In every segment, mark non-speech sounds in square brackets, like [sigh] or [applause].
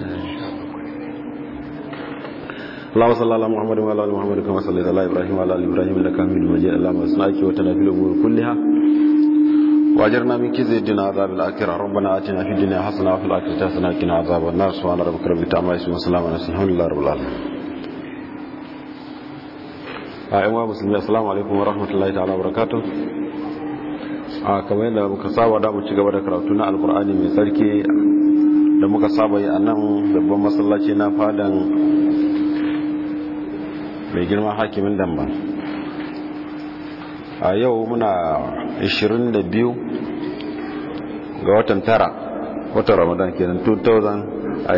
Allahu sallallahu ala Muhammadin wa ala ali Muhammadin kama sallaita ala Ibrahim wa ala ali Ibrahim innaka Hamidu Majid Allah ma sana ki wa tanafil umur kulliha wa ajirna min kizi dina azab al akhirah rabbana atina fid dunya hasana wa fil akhirati hasana wa qina azaban nar subhana rabbika rabbil ta'ala ismi salama wa alhamdulillah rabbil alamin Ayyuha muslimin assalamu alaikum wa rahmatullahi ta'ala wa barakatuh a kamar yadda muka saba da mu ci gaba da karatu na alqur'ani mai sarki da muka saba yi a nan babban masallaci na fadan mai girma hakimin damba a yau muna 22 ga watan tara watan ramadan kenan 2000 a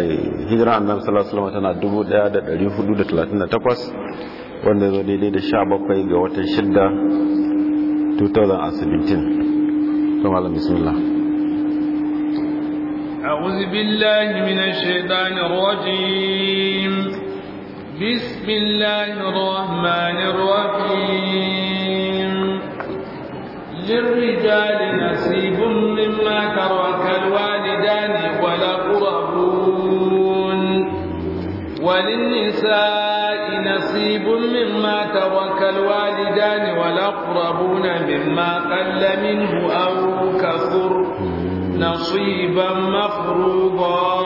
hijira annabi sallallahu alaihi tana 1438 wanda zo daidai da 17 ga watan 6 2017 tun malam bismillah أعوذ بالله من الشيطان الرجيم بسم الله الرحمن الرحيم للرجال نصيب مما ترك الوالدان والأقربون وللنساء نصيب مما ترك الوالدان والأقربون مما قل منه أو كثر نصيبا مفروضا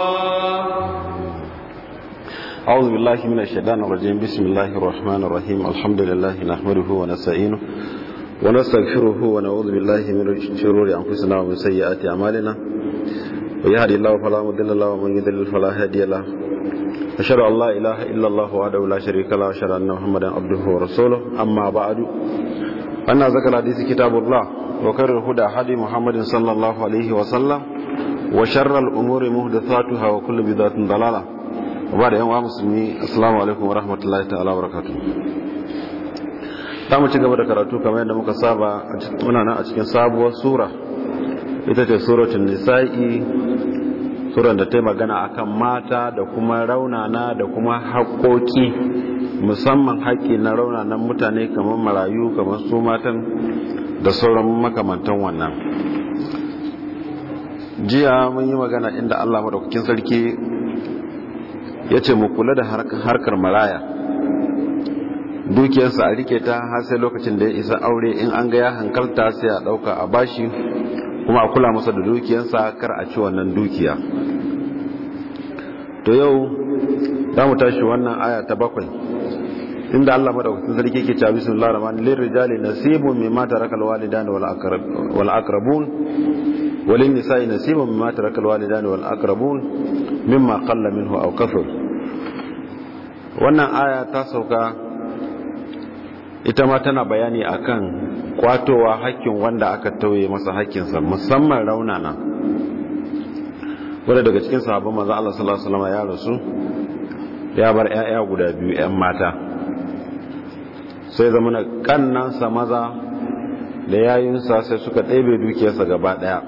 أعوذ بالله من الشيطان الرجيم بسم الله الرحمن الرحيم الحمد لله نحمده ونستعينه ونستغفره ونعوذ بالله من شرور أنفسنا ومن سيئات أعمالنا ويهدي الله فلا مضل له ومن يضلل فلا هادي له أشهد أن لا إله إلا الله وحده لا شريك له وأشهد أن محمدا عبده ورسوله أما بعد wannan zaka hadisi kitabullah wa karar huda hadi muhammadin sallallahu alaihi wa sallam wa sharral umuri muhdathatuha hawa kullu bidatin dalala ba da yan uwa musulmi assalamu alaikum wa rahmatullahi ta'ala wa mu ci gaba da karatu kamar yadda muka saba a cikin nan a cikin sabuwar sura ita ce suratul nisa'i suran da ta yi magana akan mata da kuma raunana da kuma haƙoƙi musamman haƙƙi na raunanan mutane kamar marayu kamar su matan da sauran makamantan wannan jiya mun yi magana inda allah maɗaukakin sarki ya ce mu kula da harkar maraya dukiyarsa a rike ta har sai lokacin da ya isa aure in an ga ya hankalta sai a ɗauka a bashi kuma a kula masa da dukiyarsa kar a ci wannan dukiya to yau za mu tashi wannan aya ta bakwai inda Allah madaukakin sarki ke cewa bismillahir rahmanir rahim lirrijali nasibun mimma tarakal walidani wal aqrabun walin nisa'i nasibun mimma tarakal walidani wal aqrabun mimma qalla minhu aw kathur wannan aya ta sauka ita ma tana bayani akan kwatowa hakkin wanda aka tauye masa hakkinsa musamman rauna na. wadda daga cikin sahabban maza Allah sallallahu alaihi ya rasu ya bar 'ya'ya guda biyu 'yan mata sai zama na kannansa maza da yayinsa sai suka ɗebe dukiyarsa gaba ɗaya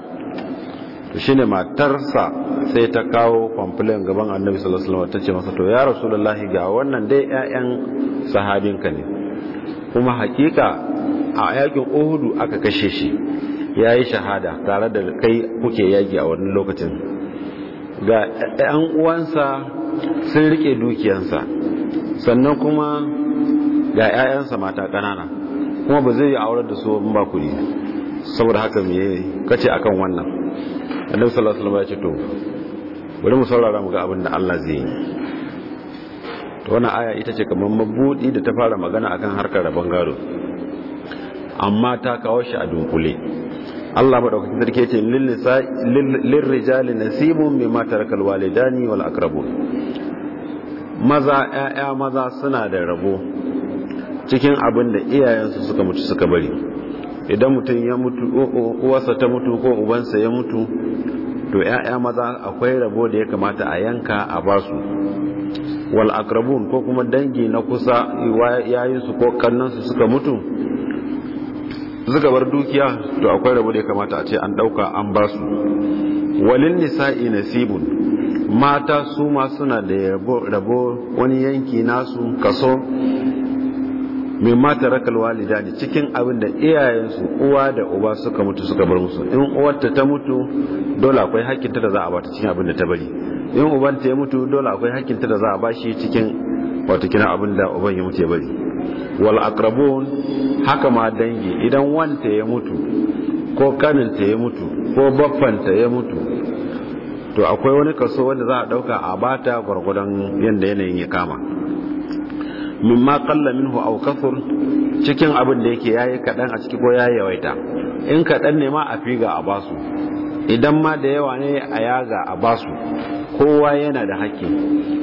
to shine matarsa sai ta kawo complain gaban annabi sallallahu alaihi ta ce masa to ya rasu rasulullahi ga wannan dai 'ya'yan sahabinka ne kuma hakika a yakin ohudu aka kashe shi ya yi shahada tare da kai kuke yaki a wani lokacin ga ɗan uwansa sun rike dukiyansa sannan kuma ga 'ya'yansa mata ƙanana kuma ba zai yi aurar da su ba kuɗi saboda haka me kace akan wannan annabi sallallahu alaihi wasallam ya ce to bari mu saurara mu ga abin da Allah zai yi to wannan aya ita ce kamar mabudi da ta fara magana akan harkar rabon gado amma ta kawo shi a dunkule Allah madaukakin sarki yace lil rijali nasibun mimma tarakal walidani wal aqrabun maza ƴaƴa maza suna da rabo cikin abin da iyayensu suka mutu suka bari idan mutum ya mutu uwarsa ta mutu ko ubansa ya mutu to ƴaƴa maza akwai rabo da ya kamata a yanka a basu wal aqrabun ko kuma dangi na kusa su ko kannansu suka mutu suka bar dukiya to akwai rabu da ya kamata a ce an dauka an ba su walin nisa'i nasibun mata su ma suna da rabo wani yanki nasu kaso mai mata rakal walida ne cikin abin da iyayensu uwa da uba suka mutu suka bar musu in uwarta ta mutu dole akwai hakkinta da za a bata cikin abin da ta bari in ta ya mutu dole akwai hakkinta da za a bashi cikin wato kina abin da uban ya mutu ya bari wal aqrabun haka ma dangi idan wanta ya mutu ko ta ya mutu ko baffanta ya mutu to akwai wani kaso wanda za a dauka a bata gwargwadon yadda yanayin ya kama ma qalla minhu aw kathur cikin abin da yake yayi kaɗan a ciki ko yayi yawaita in kaɗan ne ma a figa a basu idan ma da yawa ne a yaga a basu kowa yana da haƙƙi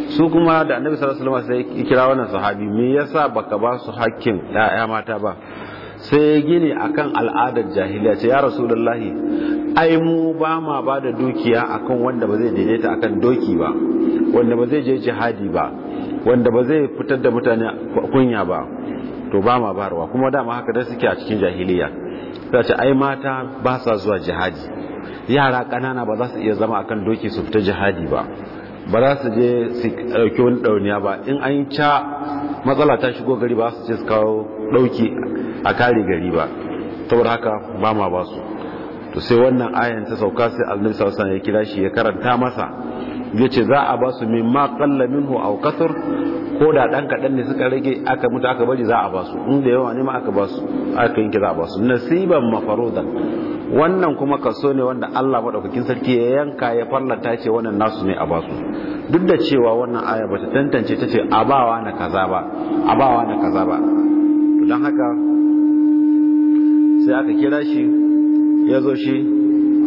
su kuma da annabi sallallahu alaihi wasallam sai kira wannan sahabi me yasa baka ba su haƙƙin ya mata ba sai gini akan al'adar jahiliya ce ya rasulullahi ai mu ba ma ba da dukiya akan wanda ba zai daidaita akan doki ba wanda ba zai je jihadi ba wanda ba zai fitar da mutane kunya ba to ba ma barwa kuma dama haka da suke a cikin jahiliya sai ce ai mata ba sa zuwa jihadi yara ƙanana ba za su iya zama akan doki su fita jihadi ba ba za su je su ɗauki wani ɗauniya ba in an ca matsala ta shigo gari ba su ce su kawo ɗauki a kare gari ba saboda haka ba ma ba su to sai wannan ayan ta sauka sai annabi sallallahu alaihi ya kira shi ya karanta masa ya ce za a ba su mimma qalla minhu aw kasar ko da ɗan kaɗan ne suka rage aka mutu aka bari za a ba su inda yawa ne ma aka ba su aka yanke za a ba su nasiban mafarudan wannan kuma kaso ne wanda Allah madaukakin sarki ya yanka ya farlata ce wannan nasu ne a ba su duk da cewa wannan aya bata tantance ta ce a na kaza ba a na kaza ba haka sai aka kira shi ya zo shi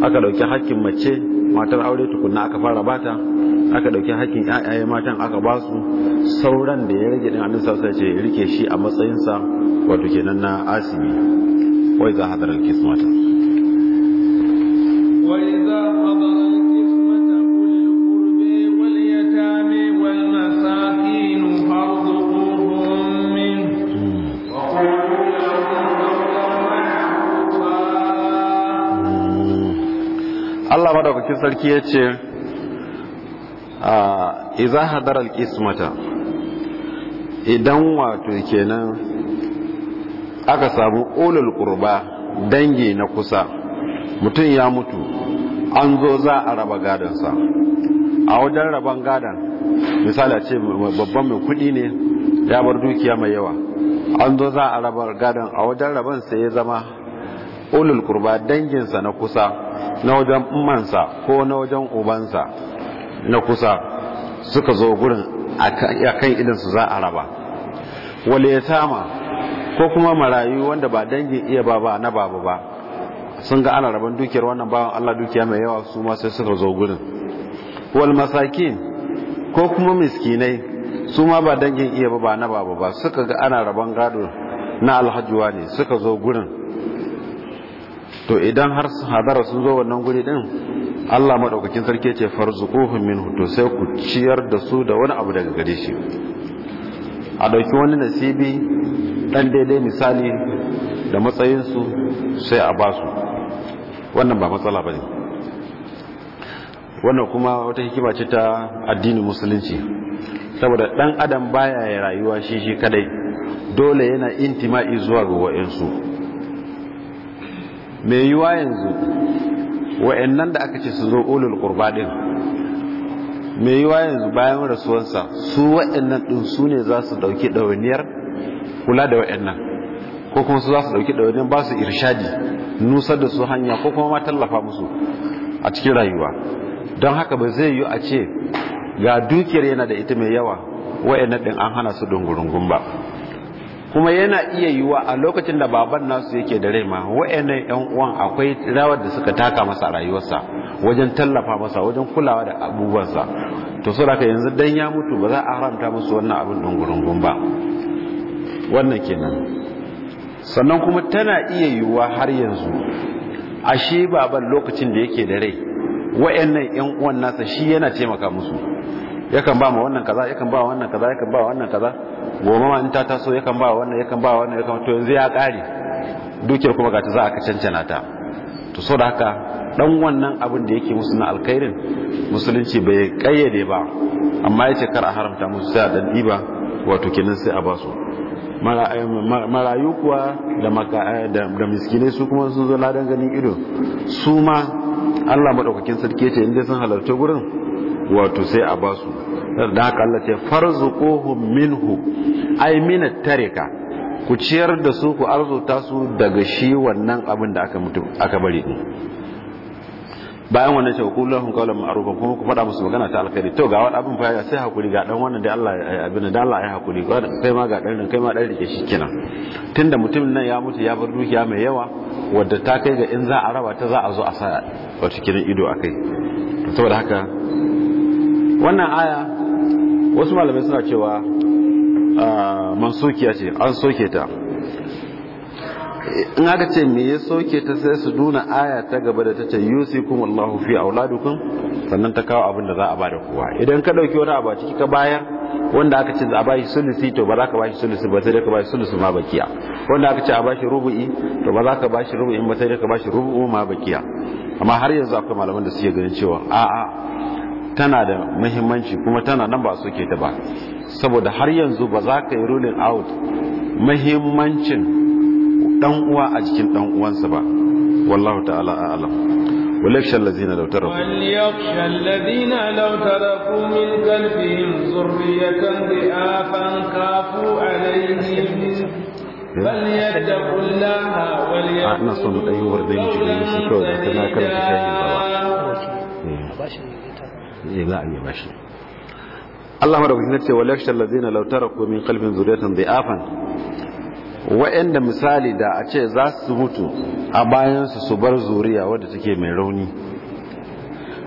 aka ɗauki hakkin mace matar aure tukunna aka fara bata aka dauki hakkin ƴaƴaye matan aka ba su sauran da ya rage din annabi sallallahu alaihi rike shi a matsayin sa wato kenan na asimi wai za hadara al-qismata wa hmm. Allah madaukakin sarki ya ce a iza hadar alƙismata idan wato kenan aka samu olul ƙurba dangi na kusa mutum ya mutu an zo za a raba gadansa a wajen raban gadan misali ce babban mai kudi ne ya bar dukiya mai yawa an zo za a raba gadan a wajen raban sai ya zama olul ƙurba danginsa na kusa na wajen ummansa ko na wajen ubansa na kusa suka zo gurin akan idansu za a raba wale ya tama ko kuma marayu wanda ba dangin iya baba na babu ba sun ga ana rabon dukiyar wannan bawan Allah dukiya mai yawa su ma sai suka zo gurin wal masakin ko kuma miskinai su ma ba dangin iya baba na babu ba suka ga ana rabon gado na alhajuwa ne suka zo gurin to idan har hadara sun zo wannan guri din Allah madaukakin sarki ce farzuquhu minhu to sai ku ciyar da su da wani abu daga gare shi a dauki wani nasibi dan daidai misali da matsayin su sai a basu wannan ba matsala bane wannan kuma wata hikima ce ta addinin musulunci saboda dan adam baya rayuwa shi shi kadai dole yana intima'i zuwa ga wa'ansu mai yiwa yanzu wa'annan da aka ce su zo ulul qurba din mai yiwa yanzu bayan rasuwansa su wa'annan ɗin su ne za su ɗauki ɗawaniyar kula da wa'annan ko kuma su za su ɗauki dawaniyar ba su irshadi nusar da su hanya ko kuma ma tallafa musu a cikin rayuwa don haka ba zai yiwu a ce ga dukiyar yana da ita mai yawa wa'annan din an hana su dungurungun ba kuma yana iya yiwa a lokacin da baban nasu yake da rai ma wa'annan yan uwan akwai rawar da suka taka masa a rayuwarsa wajen tallafa masa wajen kulawa da abubuwansa to saboda yanzu dan ya mutu ba za a haramta musu wannan abin din gurungun ba wannan kenan sannan kuma tana iya yiwa har yanzu ashe baban lokacin da yake da rai wa'annan yan uwan nasa shi yana taimaka musu yakan ba ma wannan kaza yakan ba wannan kaza yakan ba wannan kaza goma ma in ta taso yakan ba wannan yakan ba wannan yakan to yanzu ya kare dukiyar kuma gata za a ka cancana ta to so da haka dan wannan abin da yake musu na alkhairin musulunci bai kayyade ba amma yace kar a haramta musu sai a dan diba wato kenan sai a basu marayu kuwa da miskinai su kuma sun zo ladan ganin ido su ma Allah madaukakin sarki yace inda sun halarta gurin wato sai a basu da haka Allah ce farzuquhum minhu ay min tarika ku ciyar da su ku arzuta su daga shi wannan abin da aka mutu aka bari din bayan wannan ce ku lahum qawlan ma'rufan kuma ku faɗa musu magana ta alkhairi to ga wani abin fa sai hakuri ga dan wannan da Allah abin da Allah ya hakuri ga kai ma ga dan nan kai ma dan rike shi kenan tunda mutum nan ya mutu ya bar dukiya mai yawa wadda ta kai ga in za a raba ta za a zo a sa wato kiran ido akai saboda haka wannan aya wasu malamai suna cewa ah, mansukiya ce an soke ta in aka ce me ya soke ta sai su nuna aya ta gaba da ta ce kuma Allahu fi auladukum sannan ta kawo abin da za a bada kowa idan ka dauki wani abu ciki ka bayar wanda aka ce a bashi sulusi to ba za ka bashi sulusi ba sai dai ka bashi sulusi ma bakiya wanda aka ce a bashi rubu'i to ba za ka bashi rubu'in ba sai dai ka bashi rubu'u ma bakiya amma har yanzu akwai malaman da suke ganin cewa a'a tana da muhimmanci kuma tana nan ba suke ta ba saboda har yanzu ba za ka yi ruling out muhimmancin dan uwa a jikin dan uwansa ba wallahu ta'ala a'lam وليخشى الذين لو تركوا وليخشى الذين لو تركوا من قلبهم ذرية ضعافا خافوا عليهم فليتقوا الله وليقولوا قولا سديدا Eh, za a ba shi Allah madaukakin yace wal yakhshal ladina law taraku min qalbin zuriyatan Afan wa'anda misali da a ce za su mutu a bayansu su su bar zuriya wadda take mai rauni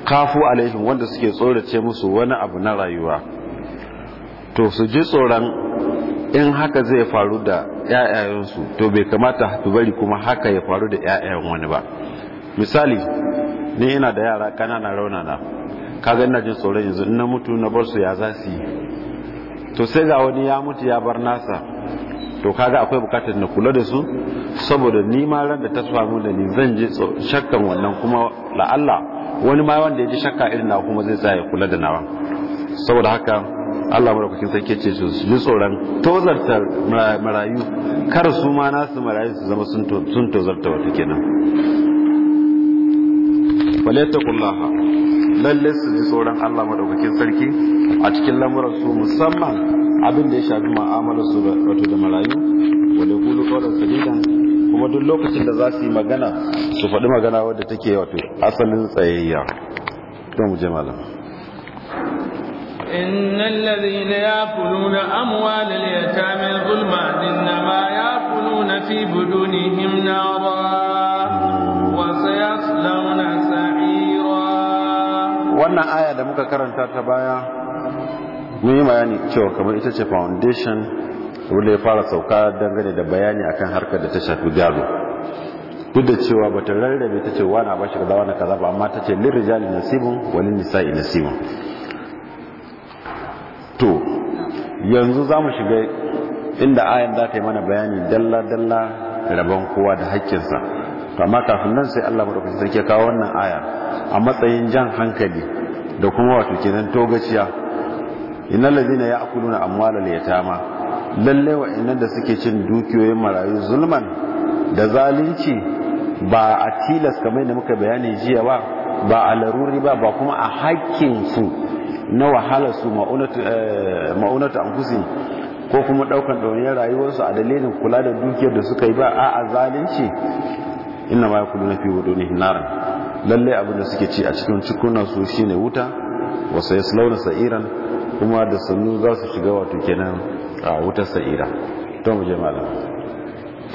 kafu alaihim wanda suke tsorace musu wani abu na rayuwa to su ji tsoron in haka zai faru da ƴaƴayensu to bai kamata su bari kuma haka ya faru da 'ya'yan wani ba misali ni ina da yara rauna raunana kaga ina jin tsoron yanzu na mutu na bar su ya za su yi to sai ga wani ya mutu ya bar nasa to kaga akwai bukatar na kula da su saboda ni ma ran da ta samu da ni zan ji shakkan wannan kuma la'alla wani ma wanda ya ji shakka irin na kuma zai tsaya kula da nawa saboda haka Allah madaukakin sarki ce su ji tsoron tozarta marayu kar su ma nasu marayu su zama sun tozarta wata kenan kullaha. Lallai su ji tsoron Allah madaukakin sarki a cikin lamuran su musamman abin da ya shafi mu'amalar su wato da marayu wanda kulu qawlan sadida kuma duk lokacin da za su yi magana su faɗi magana wadda take wato asalin tsayayya don mu je malam إن الذين يأكلون أموال اليتامى ظلما إنما يأكلون في بدونهم نارا wannan aya da muka karanta ta baya mun yi bayani cewa kamar ita ce foundation wanda ya fara sauka dangane da bayani akan harkar da ta shafi gado duk da cewa ba ta rarrabe ta ce wani ba shi kaza wani kaza ba amma ta ce lir rijali nasibun wani nisa'i nasibun to yanzu za mu shiga inda ayan za ta yi mana bayani dalla-dalla rabon kowa da haƙƙinsa to amma kafin nan sai allah madaukakin sarki kawo wannan aya a matsayin jan hankali da kuma wato kenan togaciya innal ladina ya'kuluna amwalal yatama lalle wa innan da suke cin dukiyoyin marayu zulman da zalunci ba a tilas kamar da muka bayani jiya ba ba a laruri ba ba kuma a hakkin su na wahala su ma'unatu kusi eh, ko kuma daukan rayuwar rayuwarsu a dalilin kula da dukiyar da suka yi ba a zalunci inna ma yakulu na fi wudu ne Lallai abin da suke ci a cikin cikunan su shine wuta wasu ya slauna sa'iran kuma da sannu za su shiga wato kenan a wutar sa'ira to mu je malam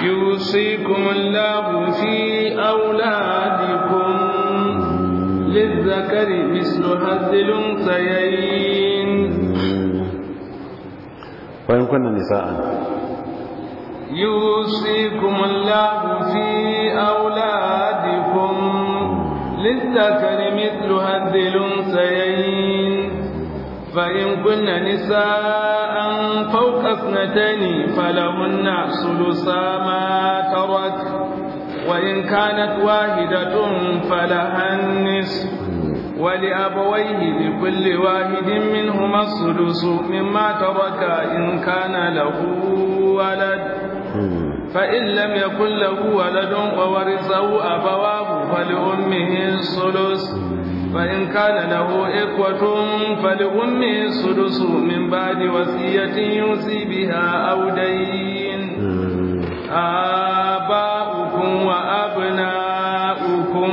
yusikum allahu fi auladikum lizakari mislu يوصيكم الله في أولادكم للذكر مثل هذ الأنثيين فإن كن نساء فوق اثنتين فلهن ثلثا ما ترك وإن كانت واحدة فلها النصف ولأبويه لكل واحد منهما الثلث مما ترك إن كان له ولد فإن لم يكن له ولد وورثه أبواه فلأمه الثلث فإن كان له إخوة فلأمه السدس من بعد وصية يوصي بها أو دين آباؤكم وأبناؤكم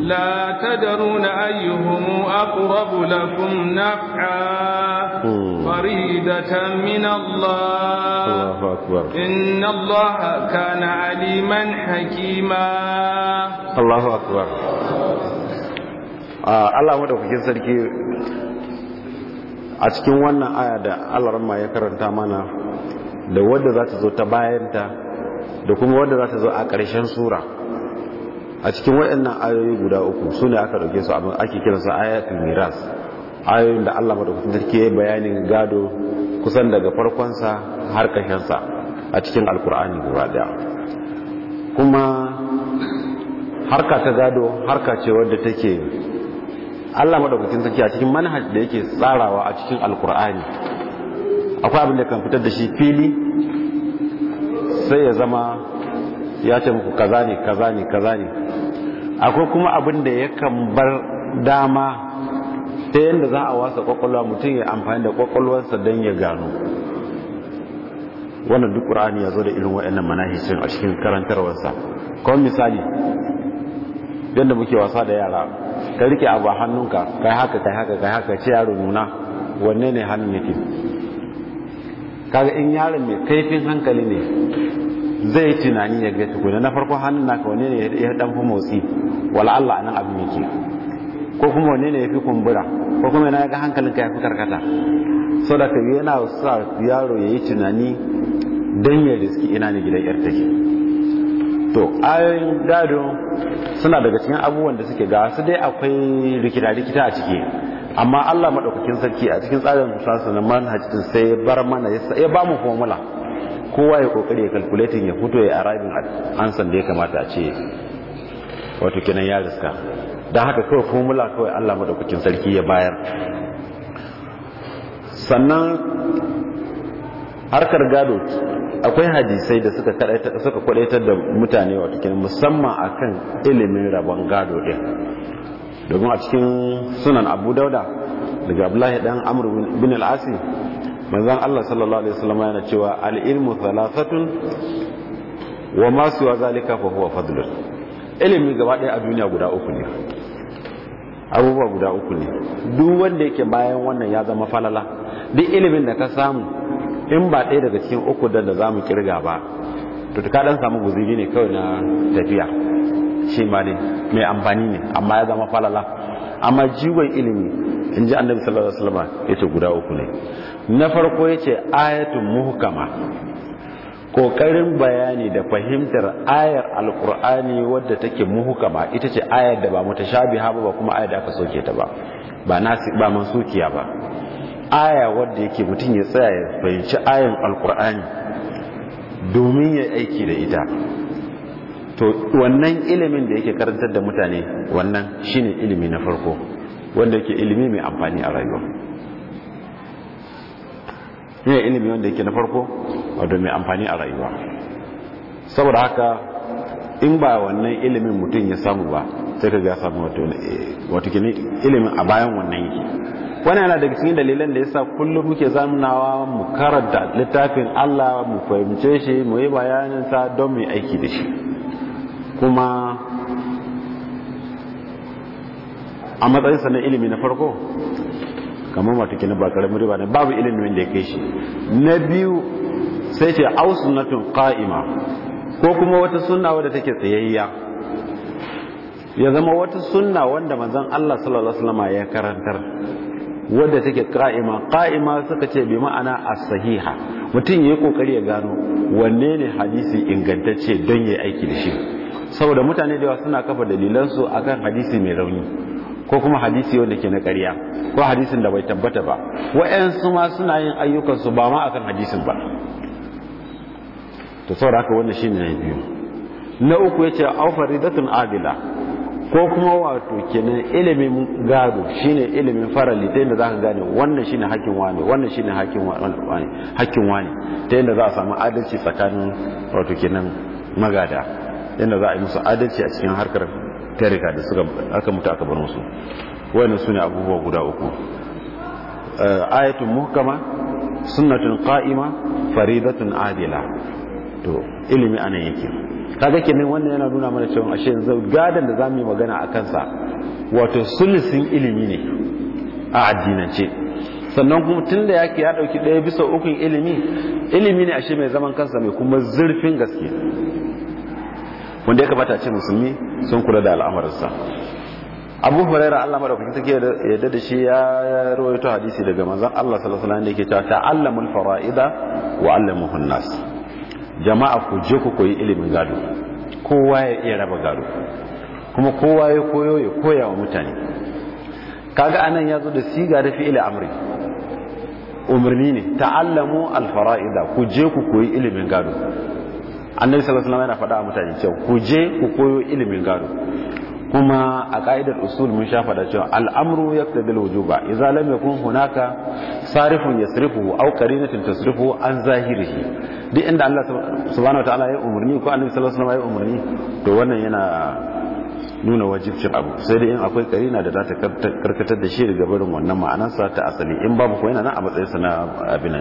لا تدرون أيهم أقرب لكم نفعاً مودة من الله الله أكبر إن الله كان عليما حكيما الله أكبر Allah madaukakin sarki a cikin wannan aya da alarma ya karanta mana da wadda za ta zo ta bayanta da kuma wadda za ta zo a ƙarshen sura a cikin waɗannan ayoyi guda uku su ne aka ɗauke su ake kiransu ayatul miras ayoyin da Allah madaukakin sarki yayi bayanin gado kusan daga farkonsa sa har ƙarshen a cikin alkur'ani gaba daya kuma harka ta gado harka ce wadda take Allah madaukakin sarki a cikin manhaj da yake tsarawa a cikin alkur'ani akwai abin da kan fitar da shi fili sai ya zama ya ce muku kaza ne kaza ne kaza ne akwai kuma abin da yakan bar dama ta yadda za a wasa kwakwalwa mutum ya amfani da kwakwalwarsa don ya gano wannan duk ƙura'ani ya zo da irin waɗannan manahisin a cikin karantarwarsa kawai misali yadda muke wasa da yara ka rike abu a hannunka kai haka kai haka kai haka ce yaro nuna wanne ne hannun yake kaga in yaron mai kaifin hankali ne zai tunani ya ga tukuna na farko hannun naka wanne ne ya dan fi motsi wala Allah nan abin yake ko kuma wanne ne ya fi kumbura ko kuma yana ga ka ya fi karkata so da ka yana sa yaro ya yi tunani don ya riski ina ne gidan yar take to ayoyin gado suna daga cikin abubuwan da suke ga su dai akwai rikita-rikita a ciki amma Allah maɗaukakin sarki a cikin tsarin musansa na manhajin sai bar mana ya ba mu formula kowa ya kokari ya kalkuletin ya fito ya arabin an san ya kamata a ce wato kenan ya riska don haka kawai komula kawai allah madaukakin sarki ya bayar sannan harkar gado akwai hadisai da suka kwadaitar da mutane wata kin musamman kan ilimin rabon gado ɗin. domin a cikin sunan Abu Dauda daga abulahi ɗan amur bin al-Asi Allah sallallahu alaihi wasallam yana cewa al'ilmu ilmu thalathatun wa ma wa zalika fa huwa fadlun ilimi gaba ɗaya a duniya guda uku ne abubuwa guda uku ne duk wanda yake bayan wannan ya zama falala duk ilimin da ka samu in ba ɗaya daga cikin uku da za mu kirga ba to ka ɗan samu guzuri ne kawai na tafiya shi ma ne mai amfani ne amma ya zama falala amma jiwon ilimi in ji annabi sallallahu alaihi wasallam ce guda uku ne na farko yace ayatun muhukama. kokarin bayani da fahimtar ayar alkur'ani wadda take ba ita ce ayar da ba mu ba ba kuma ayar da aka soke ta ba ba nasi ba mansukiya ba aya wadda yake mutum ya tsaya ya fahimci ayar alkur'ani domin ya aiki da ita to wannan ilimin da yake karantar da mutane wannan shine ilimi na farko wanda yake ilimi mai amfani a rayuwa ne ilimi wanda yake na farko wa mai amfani a rayuwa saboda haka in ba wannan ilimin mutum ya samu ba sai ka ga samu wato eh, kini ilimin a bayan wannan yake wani yana daga cikin dalilan da yasa kullum muke zamunawa mu karanta littafin Allah mu fahimce shi mu yi bayanin sa don mu aiki da shi kuma a matsayinsa na ilimi na farko kamar mata kenan ba karamin riba ne babu ilimin da ya kai shi na biyu sai ce au tun ka'ima ko kuma wata sunna wadda take tsayayya ya zama wata sunna wanda mazan Allah sallallahu alaihi wasallam ya karantar wadda take ka'ima suka ce bi ma'ana a sahiha mutum yayi kokari ya gano wanne ne hadisi ingantacce don yayi aiki da shi saboda mutane da yawa suna kafa dalilansu su akan hadisi mai rauni ko kuma hadisi wanda ke na ƙarya ko hadisin da bai tabbata ba wa'yansu ma suna yin ayyukansu ba ma akan hadisin ba to saboda haka wannan shine na biyu na uku yace au faridatun adila ko kuma wato kenan ilimin gado shine ilimin farali ta yadda za ka gane wannan shine hakkin wani wannan shine hakkin wani wani ta yadda za a samu adalci tsakanin wato kenan magada yadda za a yi musu adalci a cikin harkar tarika da suka aka mutu aka bar musu wayannan sune abubuwa guda uku eh, ayatun muhkama sunnatun qa'ima faridatun adila to ilimi anan yake kaga kenan wannan yana nuna mana cewa ashe yanzu gadan da zamu yi magana a kansa wato sulusin ilimi ne a addinance sannan kuma tun da yake ya dauki daya bisa ukun ilimi ilimi ne ashe mai zaman kansa mai kuma zurfin gaske wanda ya kamata ce musulmi sun kula da al'amarinsa abu huraira allah madaukakin take yadda da shi ya rawaito hadisi daga manzan allah salasala alaihi da yake cewa allamun fara'ida wa allamun hunnas jama'a ku je ku koyi ilimin gado kowa ya iya raba gado kuma kowa ya koyo ya koya wa mutane kaga anan ya zo da siga da fi'il amri umarni ne ta'allamu al-fara'ida ku je ku koyi ilimin gado annabi sallallahu alaihi yana faɗa a mutane cewa ku je ku koyo ilimin gado kuma a ka'idar usul mun sha faɗa cewa al'amru yaqtadi al-wujuba idza lam yakun hunaka sarifun yasrifu aw qarinatun tasrifu an zahirihi duk inda Allah subhanahu wataala ya umarni ko annabi sallallahu alaihi wasallam ya umarni to wannan yana nuna wajibcin abu sai dai in akwai karina da za ta karkatar da shi daga barin wannan sa ta asali in babu ko yana nan a matsayinsa na abin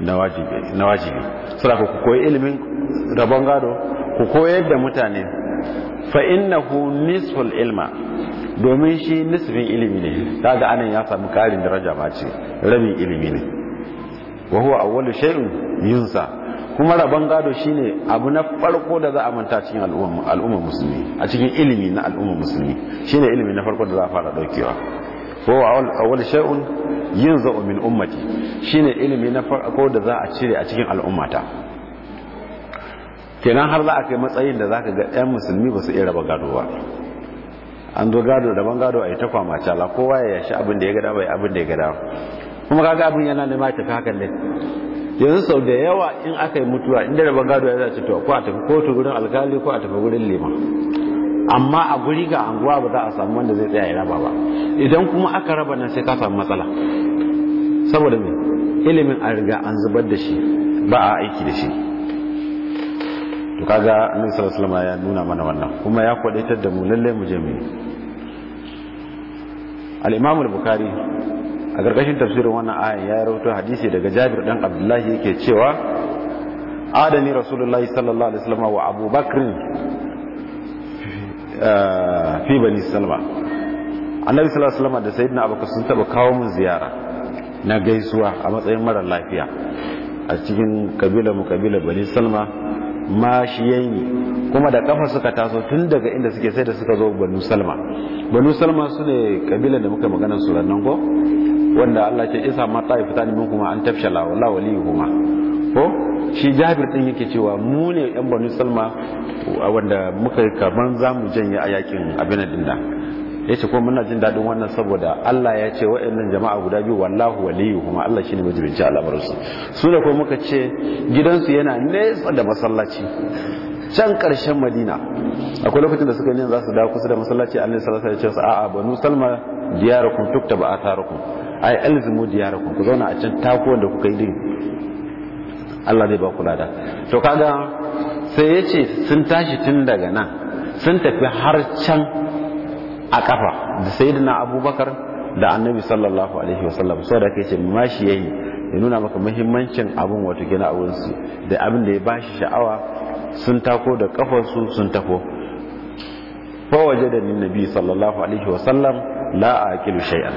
na wajibi na wajibi ku koyi ilimin rabon gado ku koyar da mutane fa innahu nisful ilma domin shi nisfin ilimi ne kaga anan ya samu karin daraja ma ce rabin ilimi ne wa huwa awwalu shay'in yunsa kuma rabon gado shine abu na farko da za a manta cikin al'umma musulmi a cikin ilimi na al'umma musulmi shine ilimi na farko da za a fara daukewa wa awwal shay'un yunza'u min ummati shine ilimi na farko da za a cire a cikin al'ummata kenan har za a kai matsayin da za ka ga 'yan musulmi ba su iya raba gado ba an zo gado daban gado a yi ta kwamace ala kowa ya yashi abin da ya gada bai abin da ya gada kuma ga abin yana nema tafi hakan ne yanzu sau da yawa in aka yi mutuwa inda raba gado ya zace to ko a tafi kotu gurin alkali ko a tafi gurin lema amma a guri ga anguwa ba za a samu wanda zai tsaya ya raba ba idan kuma aka raba nan sai ka samu matsala saboda me ilimin a riga an zubar da shi ba a aiki da shi to kaga annabi sallallahu alaihi wasallam ya nuna mana wannan kuma ya kwadaitar da mu lalle mu je mu al-imam al-bukhari a gargashin tafsirin wannan ayan ya rawaito hadisi daga jabir dan abdullahi yake cewa adani rasulullahi sallallahu alaihi wasallam wa abu abubakar eh, fi bani salma annabi sallallahu alaihi wasallam da sayyidina abubakar sun taba kawo mun ziyara na gaisuwa a matsayin mara lafiya a cikin kabila mu kabila bani salma mashiyaini kuma da kafa suka taso tun daga inda suke sai da suka zo banu salma banu salma su ne kabilan da muka magana su nan ko wanda Allah ce isa ma ta fita min kuma an tafshala wala wali kuma ko shi jabir din yake cewa mu ne yan banu salma wanda muka kaman zamu janye a yakin abin da nan ya ce ko muna jin daɗin wannan saboda Allah ya ce waɗannan jama'a guda biyu wallahu waliyu kuma Allah shine majibinci al'amarsu su da kuma muka ce gidansu yana nesa da masallaci can ƙarshen madina akwai lokacin da suka yi za su dawo kusa da masallaci annabi sallallahu alaihi ya ce a'a banu salma diyarakum tuktaba atharukum ai alzimu diyarakum ku zauna a can tako da kuka yi din Allah zai ba ku lada to kaga sai ya ce sun tashi tun daga nan sun tafi har can a kafa da sayyidina abubakar da annabi sallallahu alaihi wasallam so da kai ce mashi yayi ya nuna maka muhimmancin abun wato gina abin su da abin da ya bashi sha'awa sun tako da kafarsu sun tako. fa waje da nabi sallallahu alaihi wasallam la aqilu shay'an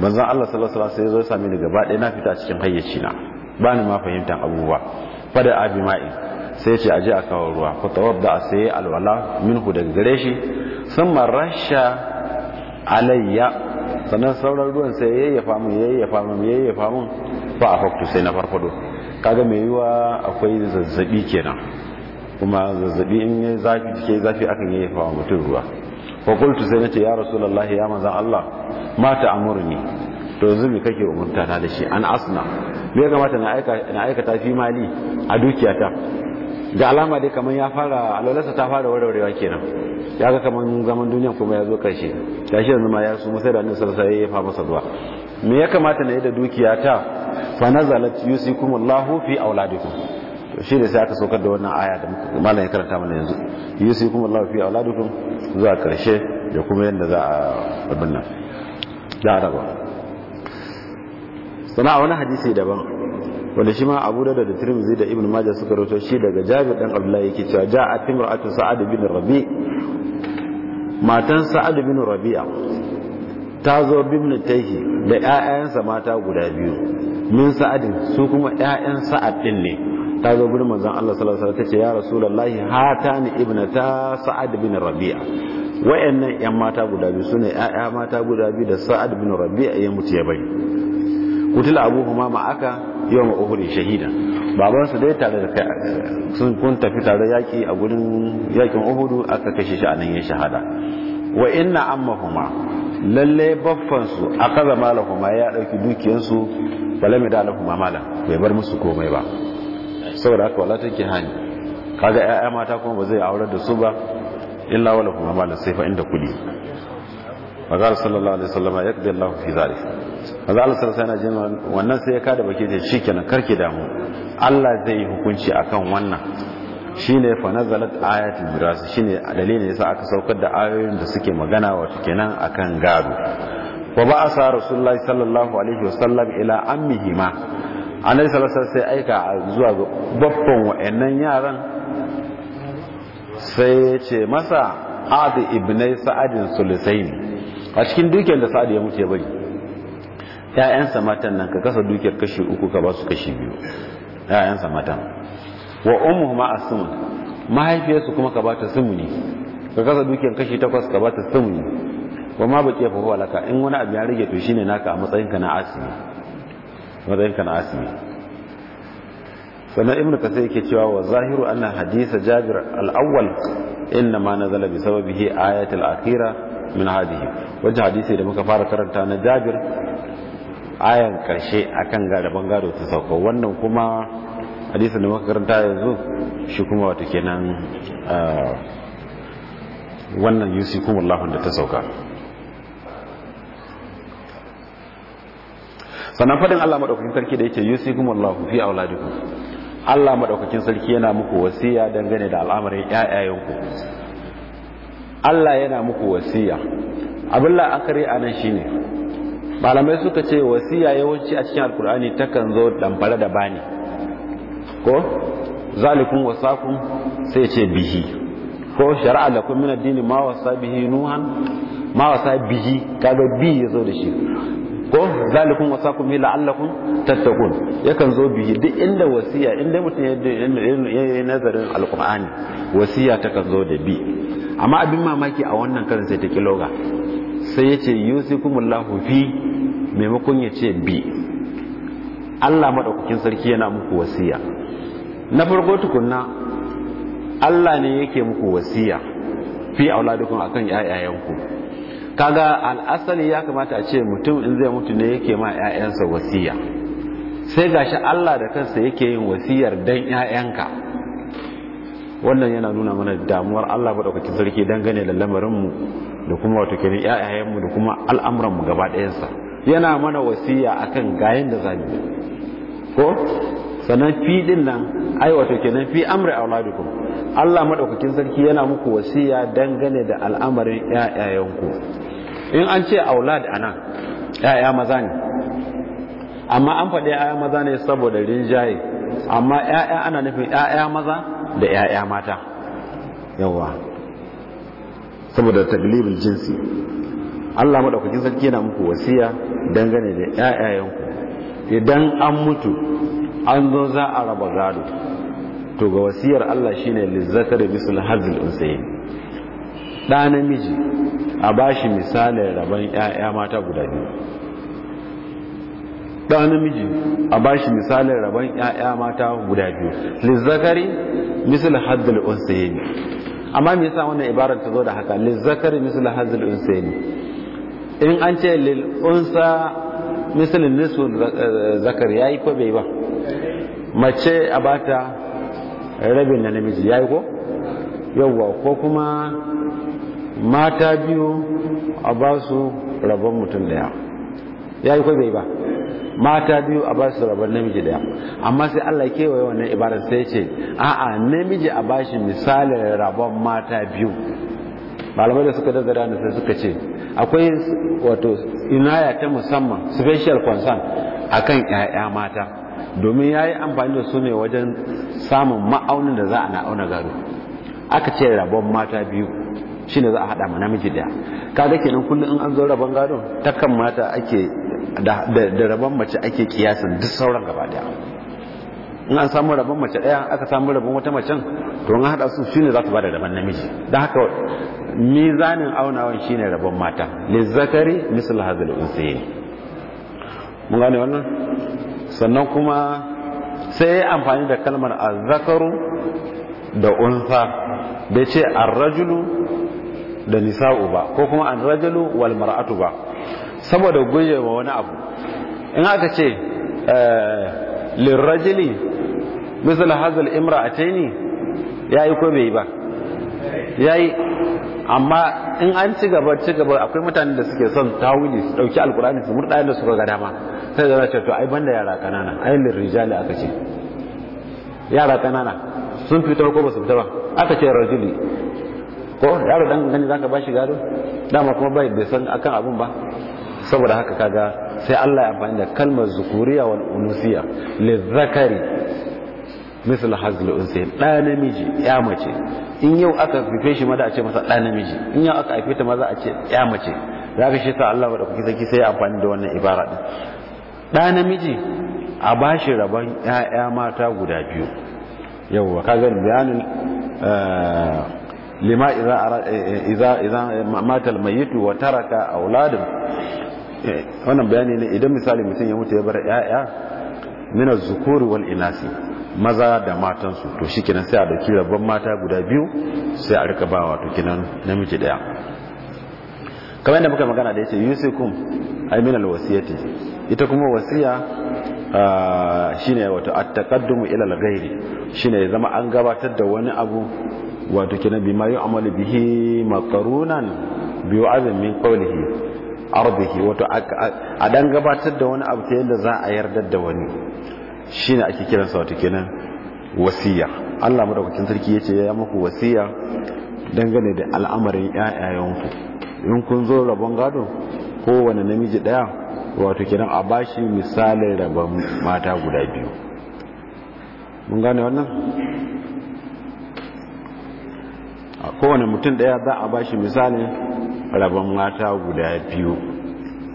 manzon Allah sallallahu alaihi wasallam sai ya zo sami ni gaba ɗaya na fita cikin hayyaci na ba ni ma fahimtar abubuwa fa da abi ma'in sai ya ce aje a kawo ruwa fa tawadda sai alwala minhu daga gare shi sun marasha alayya sannan sauran ruwan sai yayyafa mun yayyafa mun yayyafa mun ba a faktu sai na farfado kaga mai yiwa akwai zazzabi kenan kuma zazzabi in yi zafi jike zafi akan yayyafa wa mutum ruwa fakultu sai na ce ya lallahi ya mazan Allah mata amurni to yanzu mai kake umurta na da shi an asna me ya kamata na aikata fi mali a dukiyata ga alama dai kamar ya fara alwalarsa ta fara warwarewa kenan ya ga kamar zaman duniya kuma ya zo karshe ya shi yanzu ma ya su musai da annabi sallallahu ya fa masa zuwa me ya kamata na yi da dukiya ta fa nazalat yusikumullahu fi auladikum to shi da sai aka saukar da wannan aya da malam ya karanta mana yanzu yusikumullahu fi auladikum zuwa karshe da kuma yadda za a abin nan da araba wani hadisi daban wanda shi ma Abu da da tirmizi da Ibn Majah suka rawaito shi daga Jabir dan abdullahi yake cewa ja'at imra'atu Sa'ad bin Rabi matan Sa'ad bin Rabi'a ta zo bibin taihi da ‘ya'yansa mata guda biyu min sa'adin su kuma ‘ya'yan sa'ad ɗin ne ta zo gurin manzon Allah alaihi ta ce ya rasulullahi hata ni ibna ta sa'ad bin rabi'a wa'yannan ‘yan mata guda biyu su ne ‘ya'ya mata guda biyu da sa'ad bin rabi'a ya mutu ya bai kutula abu humama aka yau ma uhuri shahida babansu dai tare da sun kun tafi tare yaki a gurin yakin uhudu aka kashe shi a nan ya shahada wa inna huma lalle baffan su akaza malahuma ya dauki dukiyan su bala mai dalahuma malam bai bar musu komai ba saboda aka walatar ki hani kaga yaya mata kuma ba zai aurar da su ba illa wala kuma malam sai fa inda kudi sallallahu alaihi fi maza Allah sarsa yana jin wannan sai ya kada baki da shi kenan karki damu Allah zai yi hukunci akan wannan shine fa nazalat ayatu miras shine dalilin yasa aka saukar da ayoyin da suke magana wato kenan akan gado wa ba asa rasulullahi sallallahu alaihi wasallam ila ammihi ma annabi sallallahu alaihi sai aika zuwa ga babban wayannan yaran sai ya ce masa adi ibnai sa'adin sulusaini a cikin dukiyar da sa'ad ya mutu ya bari ‘ya'yansa matan nan ka kasa dukiyar kashi uku ka ba su kashi biyu ‘ya'yansa matan wa ummu ma asumun mahaifiyarsu kuma ka bata sumuni ka kasa dukiyar kashi takwas ka bata sumuni wa ma baki ya fahuwa laka in wani abu ya rage to shine naka a matsayinka na asimi matsayinka na asimi sannan ibn kasai yake cewa wa zahiru anna hadisa jabir al-awwal inna ma nazala bi sababihi ayatul akhirah min hadhihi wajen hadisi da muka fara karanta na jabir ayan karshe akan garaban gado ta sauka wannan kuma hadisin da makaranta yanzu shi kuma wato kenan ah, wannan yusi kuma Allahun da ta sauka sannan fadin Allah madaukakin sarki da yake yusi kuma Allahu fi auladikum Allah madaukakin sarki yana muku wasiya dangane da al'amarin ƴaƴayenku Allah yana muku wasiya abin la'akari a nan shine malamai suka ce wasiya yawanci a cikin alkur'ani takan zo damfara da bani ko zalikun wasakun sai ce bihi ko shari'a da kuma dini ma wasa bihi nuhan ma wasa bihi kaga bi ya zo da shi ko zalikun wasakum bi la'allakum ya yakan zo bihi duk inda wasiya inda mutum ya yi nazarin alkur'ani wasiya takan zo da bi amma abin mamaki a wannan karin sai ta kiloga sai ya ce yusikumullahu fi maimakon ya ce bi Allah maɗaukakin sarki yana muku wasiya na farko tukunna Allah ne yake muku wasiya fi auladukum akan yayayenku kaga al'asali ya kamata a ce mutum in zai mutu ne yake ma 'ya'yansa wasiya sai gashi Allah da kansa yake yin wasiyar dan 'ya'yanka. wannan yana nuna mana damuwar Allah maɗaukakin sarki dangane da lamarin mu da kuma wato kenan mu da kuma al'amuranmu gaba sa yana mana wasiya akan gayen da zamu ko sannan fi din nan ai wato kenan fi amri auladukum Allah madaukakin sarki yana muku wasiya dangane da al'amarin ƴaƴayenku in an ce aulad anan ƴaƴa maza ne amma an faɗi ƴaƴa maza ne saboda rinjaye amma ƴaƴa ana nufin ƴaƴa maza da ƴaƴa mata yawwa saboda taglibin jinsi Allah madaukakin sarki yana muku wasiya dangane da ƴaƴayenku idan an mutu an zo za a raba gado to ga wasiyar Allah shine lizzakari bisul hazil unsayin da namiji a bashi misalin raban ƴaƴa mata guda biyu da namiji a bashi misalin raban ƴaƴa mata guda biyu lizzakari bisul hazil unsayin amma me yasa wannan ibarar ta zo da haka zakari misl hazil unsaini in an ce lil unsa misl nisfu eh, zakar yayi ko bai ba mace a bata rabin na namiji yayi ko yawwa ko kuma mata biyu a ba rabon mutum daya yayi ko bai ba mata biyu a basu rabon namiji daya amma sai Allah ke kewaye wannan ibarar sai ce a'a namiji a bashi misalin rabon mata biyu malamai da suka dazara da sai suka ce akwai wato inaya ta musamman special concern akan ƴaƴa mata domin yayi amfani da su ne wajen samun ma'aunin da za a na auna gado aka ce rabon mata biyu shine za a hada ma namiji daya kaga kenan kullum in an zo rabon gado takan mata ake da rabon mace ake kiyasin duk sauran gaba daya in an samu rabon mace daya aka samu rabon wata macen to an hada su shine za su da rabon namiji da haka mizanin aunawan shine rabon mata lizzakari misal hazil unsayin mun gane wannan sannan kuma sai amfani da kalmar azzakaru da unsa da ce arrajulu da nisa'u ba ko kuma arrajulu wal mar'atu ba saboda gujewa wani abu in aka ce eh, lirrajili misal hazal Ya yi ko bai ba Ya yi amma in an ci gaba ci gaba akwai mutanen da suke son tawuni su dauki alkurani su murda yadda suka ga dama sai da ce to ai banda yara kanana ai lirrijali aka ce yara kanana sun fita ko ba su fita ba aka ce rajuli ko yaro dan gani zaka shi gado dama kuma bai bai san akan abun ba saboda haka kaga sai Allah ya amfani da kalmar zukuriya wal unusiya lizakari misal hazl unsi da namiji ya mace in yau aka fife shi ma da a ce masa da namiji in yau aka haife ta ma za a ce ya mace zaka shi ta Allah madaukaki sarki sai ya amfani da wannan ibara din da namiji a bashi rabon ƴaƴa mata guda biyu yawwa kaga bayanin eh, lima idza eh, eh, idza mata almayyit wa taraka auladan Eh, wannan bayani ne idan misali mutum ya mutu ya bar ya'ya mina zukuri wal inasi maza da matansu to shi kenan sai a dauki rabban mata guda biyu sai a rika ba wato kenan namiji daya kamar yadda muka magana da yace yusikum ay min wasiyati ita kuma wasiya shine wato at-taqaddumu ila al-ghairi shine zama an gabatar da wani abu wato kenan bima yu'malu bihi maqrunan bi'azmin qawlihi ardihi wato a dan gabatar da wani abu ta yadda za a yardar da wani shine ake kiransa wato kenan wasiya Allah madaukakin sarki yace ya muku wasiya dangane da al'amarin ƴaƴayenku in kun zo rabon gado kowane namiji daya wato kenan a bashi misalin rabon mata guda biyu mun gane wannan kowane mutum daya za a bashi misalin rabon mata guda biyu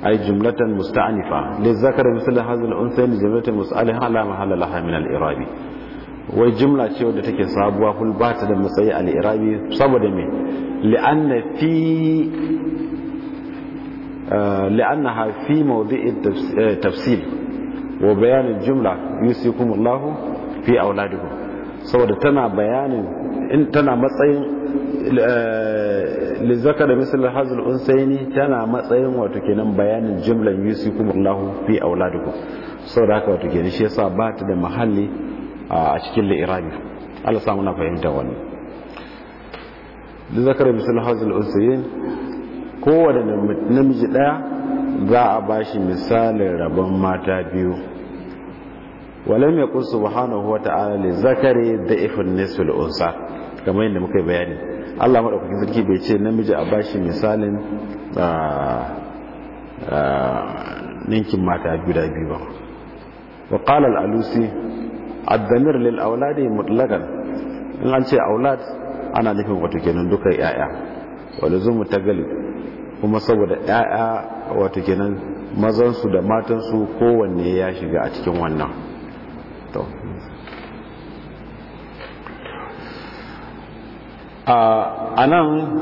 ai jumlatan musta'anifa li zakara misal hadha al-unsayn jumlatan ala laha min al-irabi wai jumla ce wadda take sabuwa kul ba ta da matsayi al-irabi saboda me li'anna fi لأنها في موضع التفصيل وبيان الجملة يوصيكم الله في أولادكم saboda tana bayanin in tana matsayin eh, lizzakar misal hazul unsaini tana matsayin wato kenan bayanin jumlan yusikumullahu fi auladikum saboda haka wato kenan shi yasa ba ta da mahalli a cikin la'irami Allah sa muna fahimta wannan lizzakar misal hazul unsaini kowane namiji daya za a bashi misalin rabon mata biyu mai walam yaqul subhanahu wa ta'ala da ifin nisful unsa kamar yadda muka yi bayani Allah maɗaukakin sarki bai ce namiji a bashi misalin ninkin mata guda biyu ba wa qala alusi ad-damir lil auladi mutlagan, in an ce aulad ana nufin wato kenan duka yaya zumu ta gali kuma saboda yaya wato kenan mazan da matansu kowanne ya shiga a cikin wannan a nan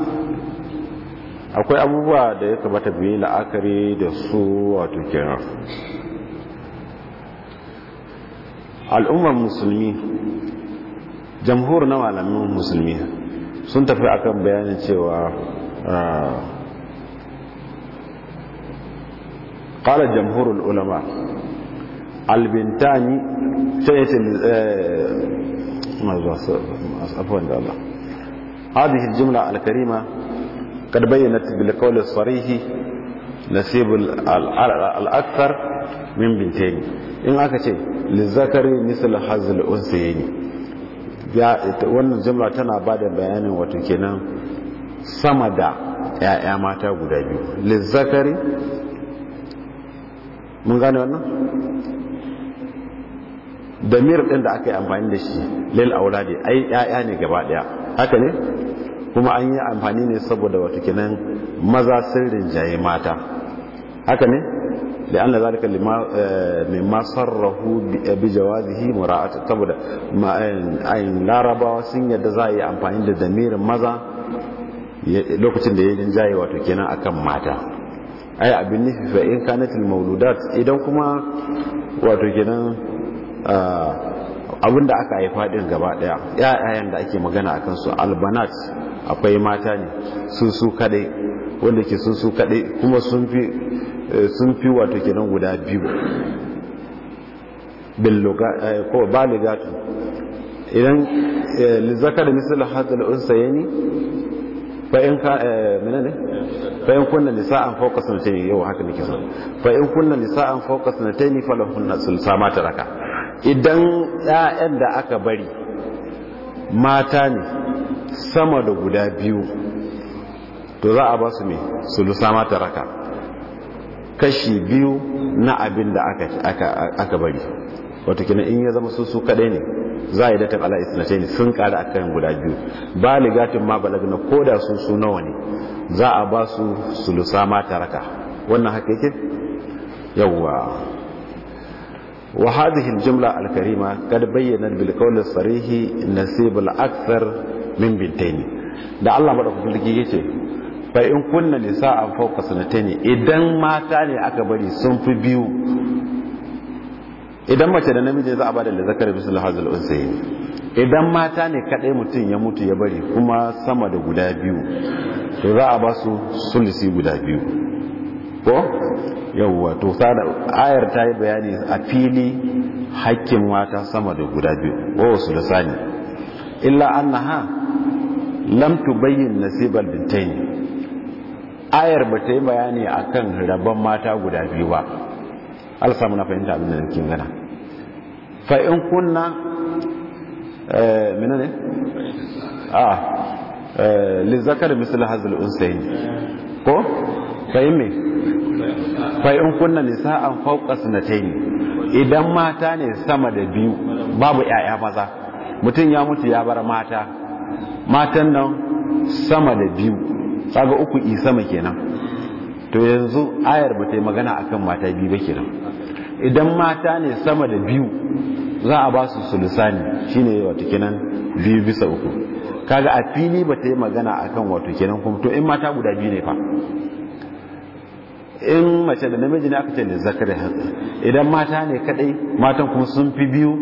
akwai abubuwa da ya kamata biyu la'akari da su wato kenan al'ummar musulmi jamhur na malamin musulmi sun tafi akan bayanin cewa ulama albintani قال yace masu eh, wasu سيتم da Allah هذه الجملة الكريمة قد بينت بالقول الصريح نصيب الأكثر من بنتين إن أكتشي للذكر مثل حظ الأنثيين wannan jumla tana ba da bayanin wato kenan sama da 'ya'ya mata guda biyu lizzakari mun gane wannan da ɗin ɗin da aka yi amfani da shi lil auladi ai yaya ne gaba ɗaya haka ne kuma an yi amfani ne saboda wato kenan maza sirrin jaye mata haka ne da لأن ذلك mai مما صره بجوازه مراعاة saboda eh, ayin larabawa sun yadda za a yi amfani da damirin maza lokacin da ya rinjaye wato kenan akan mata ai abin nufi fa in kanatil mauludat idan kuma wato kenan Ah, abin da aka haifa din gaba daya ƴaƴayen da ake magana a kansu albanat akwai mata ne sun su kadai wanda ke sun su kadai kuma sun fi wato kenan guda biyu billuga eh, ko baligatu idan eh, lizakar misal hadal unsayni fa in ka eh, menene fa in kunna nisa'an fawqa sanatayn yau haka nake so fa in kunna nisa'an fawqa sanatayn falahunna sulsa samata raka idan 'ya'yan da aka bari mata ne sama da guda biyu to za a ba su ne sulusa mata raka kashi biyu na abin da aka bari watakila in ya zama su su kaɗai ne za a yi datan ala ce ne sun ƙara a kan guda biyu ba ligatin ma balagna ko da su su nawa ne za a ba su sulusa mata raka wannan haka yake yawwa وهذه الجملة الكريمة قد بيّنت بالقول الصريح نصيب الأكثر من بنتين da Allah madaukaki yake fa in kunna nisa'an fawqa sanatayn idan mata ne aka bari sun fi biyu idan mace da namiji za a ba da zakar bisul hazal unsayi idan mata ne kadai mutum ya mutu ya bari kuma sama da guda biyu to za a ba su sulusi guda biyu ko yawwa to sada ayar ta yi bayani a fili hakkin mata sama da guda biyu ko wasu da sani illa annaha lam tubayyin nasibal bintain ayar ba ta yi bayani akan rabon mata guda biyu ba al samu na fahimta abin da nake gana fa in kunna eh menene ah eh, lizakar misal hazal unsayni ko fa'in me fa'in kunna nisa'an fauqa sanatayn idan mata ne sama da biyu babu yaya maza mutum ya mutu ya bar mata matan nan sama da biyu tsaga uku i sama kenan to yanzu ayar ba ta yi magana akan mata biyu ba kenan idan mata ne sama da biyu za a ba su sulusani shine wato kenan biyu bisa uku kaga a fili ba ta yi magana akan wato kenan kuma to in mata guda biyu ne fa in mace da namiji ne aka ce da zakari hatsi idan mata ne kadai matan kuma sun fi biyu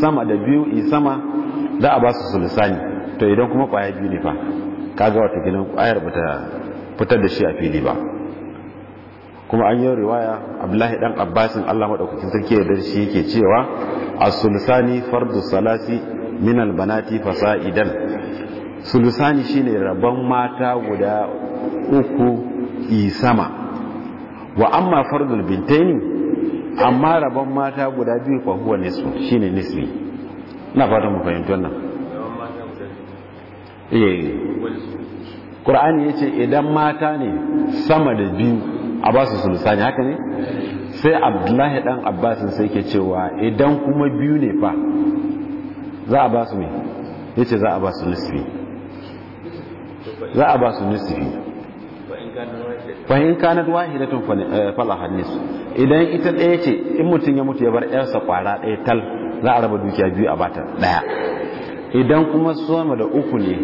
sama da biyu i sama da a ba su sulisani to idan kuma kwaya biyu ne fa kaga wata gidan kwayar bata fitar da shi a fili ba kuma an yi riwaya abdullahi dan abbasin allah maɗaukakin sarki ya dar shi yake cewa a sulisani fardu salasi min fasa idan fasa'idan shine rabon mata guda uku i sama wa amma fardul bintaini amma rabon mata guda biyu fa huwa nisfu shine nisfi ina fata mu fahimci wannan eh Qur'ani yace idan mata ne sama da biyu a ba su sulusani haka ne sai Abdullahi dan Abbas sai yake cewa idan kuma biyu ne fa za a ba su me yace za a ba su nisfi za a ba su nisfi fa in kanat tun falaha eh, idan ita ɗaya ce in mutum ya mutu ya bar yarsa kwara ɗaya tal za a raba dukiya biyu a bata ɗaya idan kuma sama da uku ne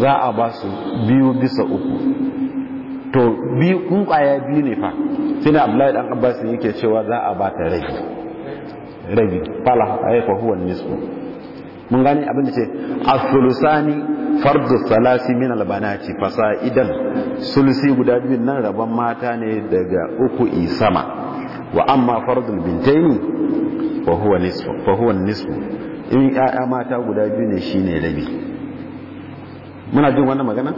za a ba su biyu bisa uku to biyu kun kwaya biyu ne fa sai na abdullahi dan abbas yake cewa za a bata rabi rabi falaha ay huwa mun gane abin da ce as-sulusani fardu salasi min albanati idan sulusi guda biyun nan rabon mata ne daga uku isama wa amma fardul bintaini wa huwa nisfu fa huwa nisfu in ƴaƴa mata guda biyu ne shine rabi muna jin wannan magana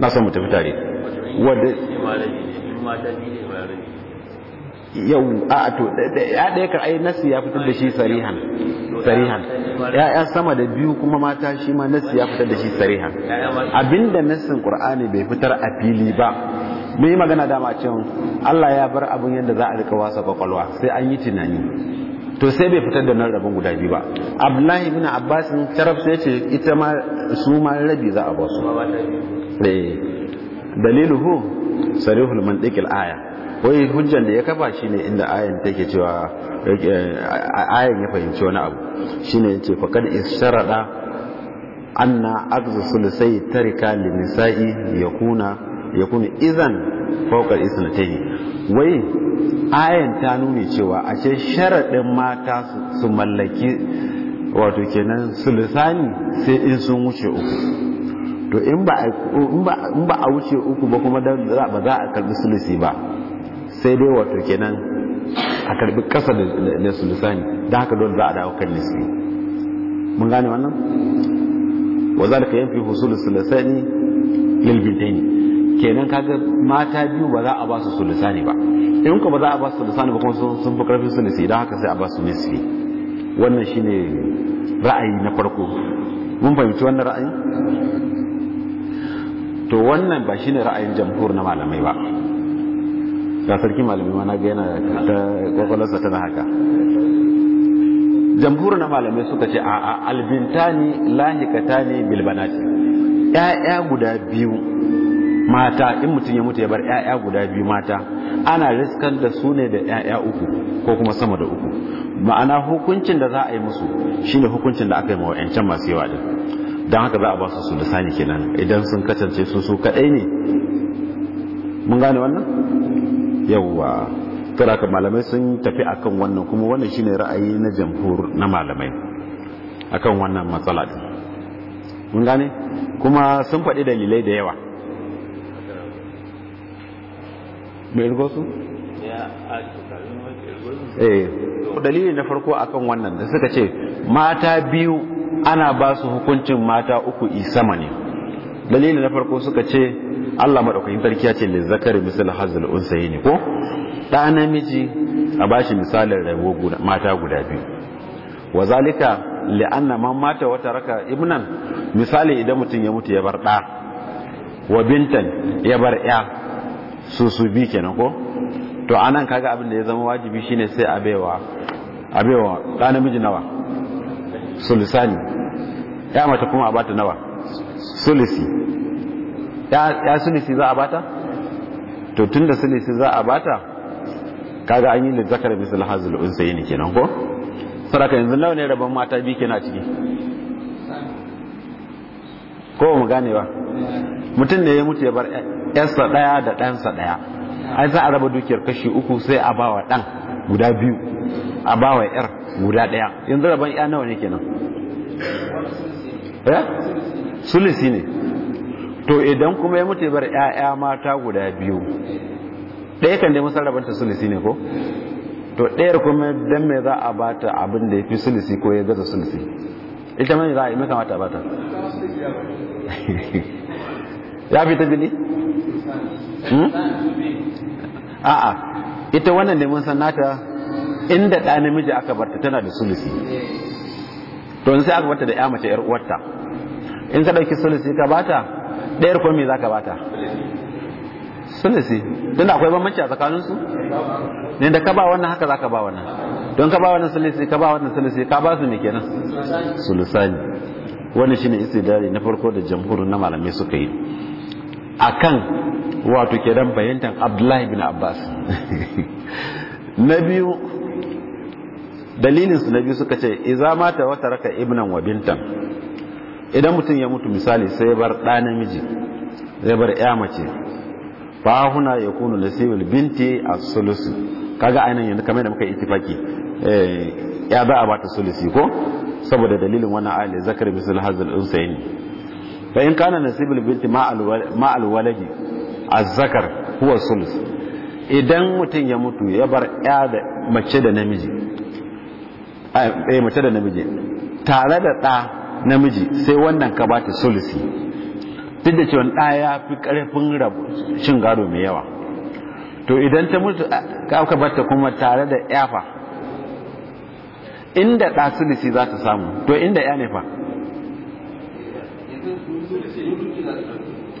na san mu tafi tare wanda mata biyu ne ba rabi yau a to ya daya kar ai nasi ya fitar da shi sarihan sarihan ya sama da biyu kuma mata shi ma nasi ya fitar da shi sarihan abinda nasin qur'ani bai fitar a fili ba mun yi magana dama cewa Allah ya bar abun yadda za a rika wasa kwakwalwa sai an yi tunani to sai bai fitar da nan rabin guda biyu ba abdullahi ibn abbas tarab sai ce ita ma su ma rabi za a ba su eh. hu sarihul mantiqil aya wai hujjan da ya kafa shi ne inda ayan take cewa ayan ya fahimci wani abu shi ne shine yace faqad an anna akzu sulisai tarika kuna izan faukar Isna, ta yi wai ayan ta nuni cewa a ce sharadin mata su mallaki wato kenan sulisani sai in sun wuce uku to in ba a wuce uku ba kuma ba za a karbi Sulisi ba sai dai wato kenan a karbi kasa da sulusani da haka don za a dawo kan nisbi mun gane wannan wa za ka yanfi husul sulusani lil bintaini kenan kaga mata biyu ba za a ba su sulusani ba in ko ba za a ba su sulusani ba kuma sun fi karfin nesu dan haka sai a ba su nesu wannan shine ra'ayi na farko mun fahimci wannan ra'ayi to wannan ba shine ra'ayin jamhur na malamai ba ga sarki malami mana ga yana ta kwakwalarsa tana haka jamhur na malamai suka ce a albintani ne bilbanati ya'ya guda biyu mata in mutum ya mutu ya bar ya'ya guda biyu mata ana riskan da su ne da ya'ya uku ko kuma sama da uku ma'ana hukuncin da za a yi musu shine hukuncin da aka yi ma masu yawa din don haka za a ba su su sani kenan idan sun kasance su su kaɗai ne mun gane wannan yawwa tara ka malamai sun tafi akan wannan kuma wannan shine ra'ayi na jamhur na malamai akan wannan matsala din mun gane kuma sun faɗi dalilai da yawa mai rigo su? eh dalili na farko akan wannan da suka ce mata biyu ana ba su hukuncin mata uku isama ne dalili na farko suka ce Allah madaukakin sarki ya ce li zakari misal hazal ne ko da namiji a bashi misalin rayuwa guda mata guda biyu wa zalika li anna man mata wa taraka ibnan misali idan mutum ya mutu ya bar da wa bintan ya bar ya su su bi kenan ko to anan kaga abin da ya zama wajibi shine sai a baiwa a baiwa da namiji nawa sulisani ya mata kuma a bata nawa sulisi ya sulisi za a bata to tun da sulisi za a bata kaga an yi zakar misal hazul yi ne nan ko saraka yanzu nawa ne rabon mata biyu kenan ciki ko mu gane ba mutum ne ya mutu ya bar yarsa daya da ɗansa daya ai za a raba dukiyar kashi uku sai a bawa ɗan guda biyu a bawa yar guda daya yanzu rabon ya nawa ne kenan eh? sulisi ne to idan kuma ya mutu ya bar ƴaƴa mata guda biyu ɗaya kan dai musarrafanta sulisi ne ko to ɗayar kuma dan me za a bata abin da ya fi sulisi ko ya gaza sulisi ita mai za a yi makamata a bata [laughs] ya fi ta bili? Hmm? a'a ita wannan ne mun san nata inda ɗa namiji aka barta tana da sulisi to sai aka barta da ya mace yar uwarta in ka ɗauki sulisi ka bata ɗayar kuma me za ka bata sulusi tunda akwai bambanci a tsakaninsu ne da ka ba wannan haka za ka ba wannan don ka ba wannan sulusi ka ba wannan sulusi ka ba su ne kenan sulusani wannan shine istidlali na farko da jamhur na malamai suka yi akan wato kenan bayantan Abdullahi bin Abbas [laughs] na biyu dalilin su na biyu suka ce iza mata wata raka ibnan wa bintan idan mutum ya mutu misali sai bar ɗa namiji zai bar ya mace fa huna ya kunu nasibil binti a sulusi kaga ainihin yanzu kamar da muka yi itifaki ya eh, za a ba ta sulusi ko saboda dalilin wannan ayat zakar bisul hazal unsayin fa in kana nasibul binti ma al a zakar huwa sulus idan mutum ya mutu ya bar ya da mace da namiji eh, mace da namiji tare da ɗa namiji sai wannan ka ba ta sulusi duk da cewa ɗaya ya fi ƙarfin rabu cin gado mai yawa to idan ta mutu aka bata kuma tare da yafa inda ɗa sulusi za ta samu to inda ya fa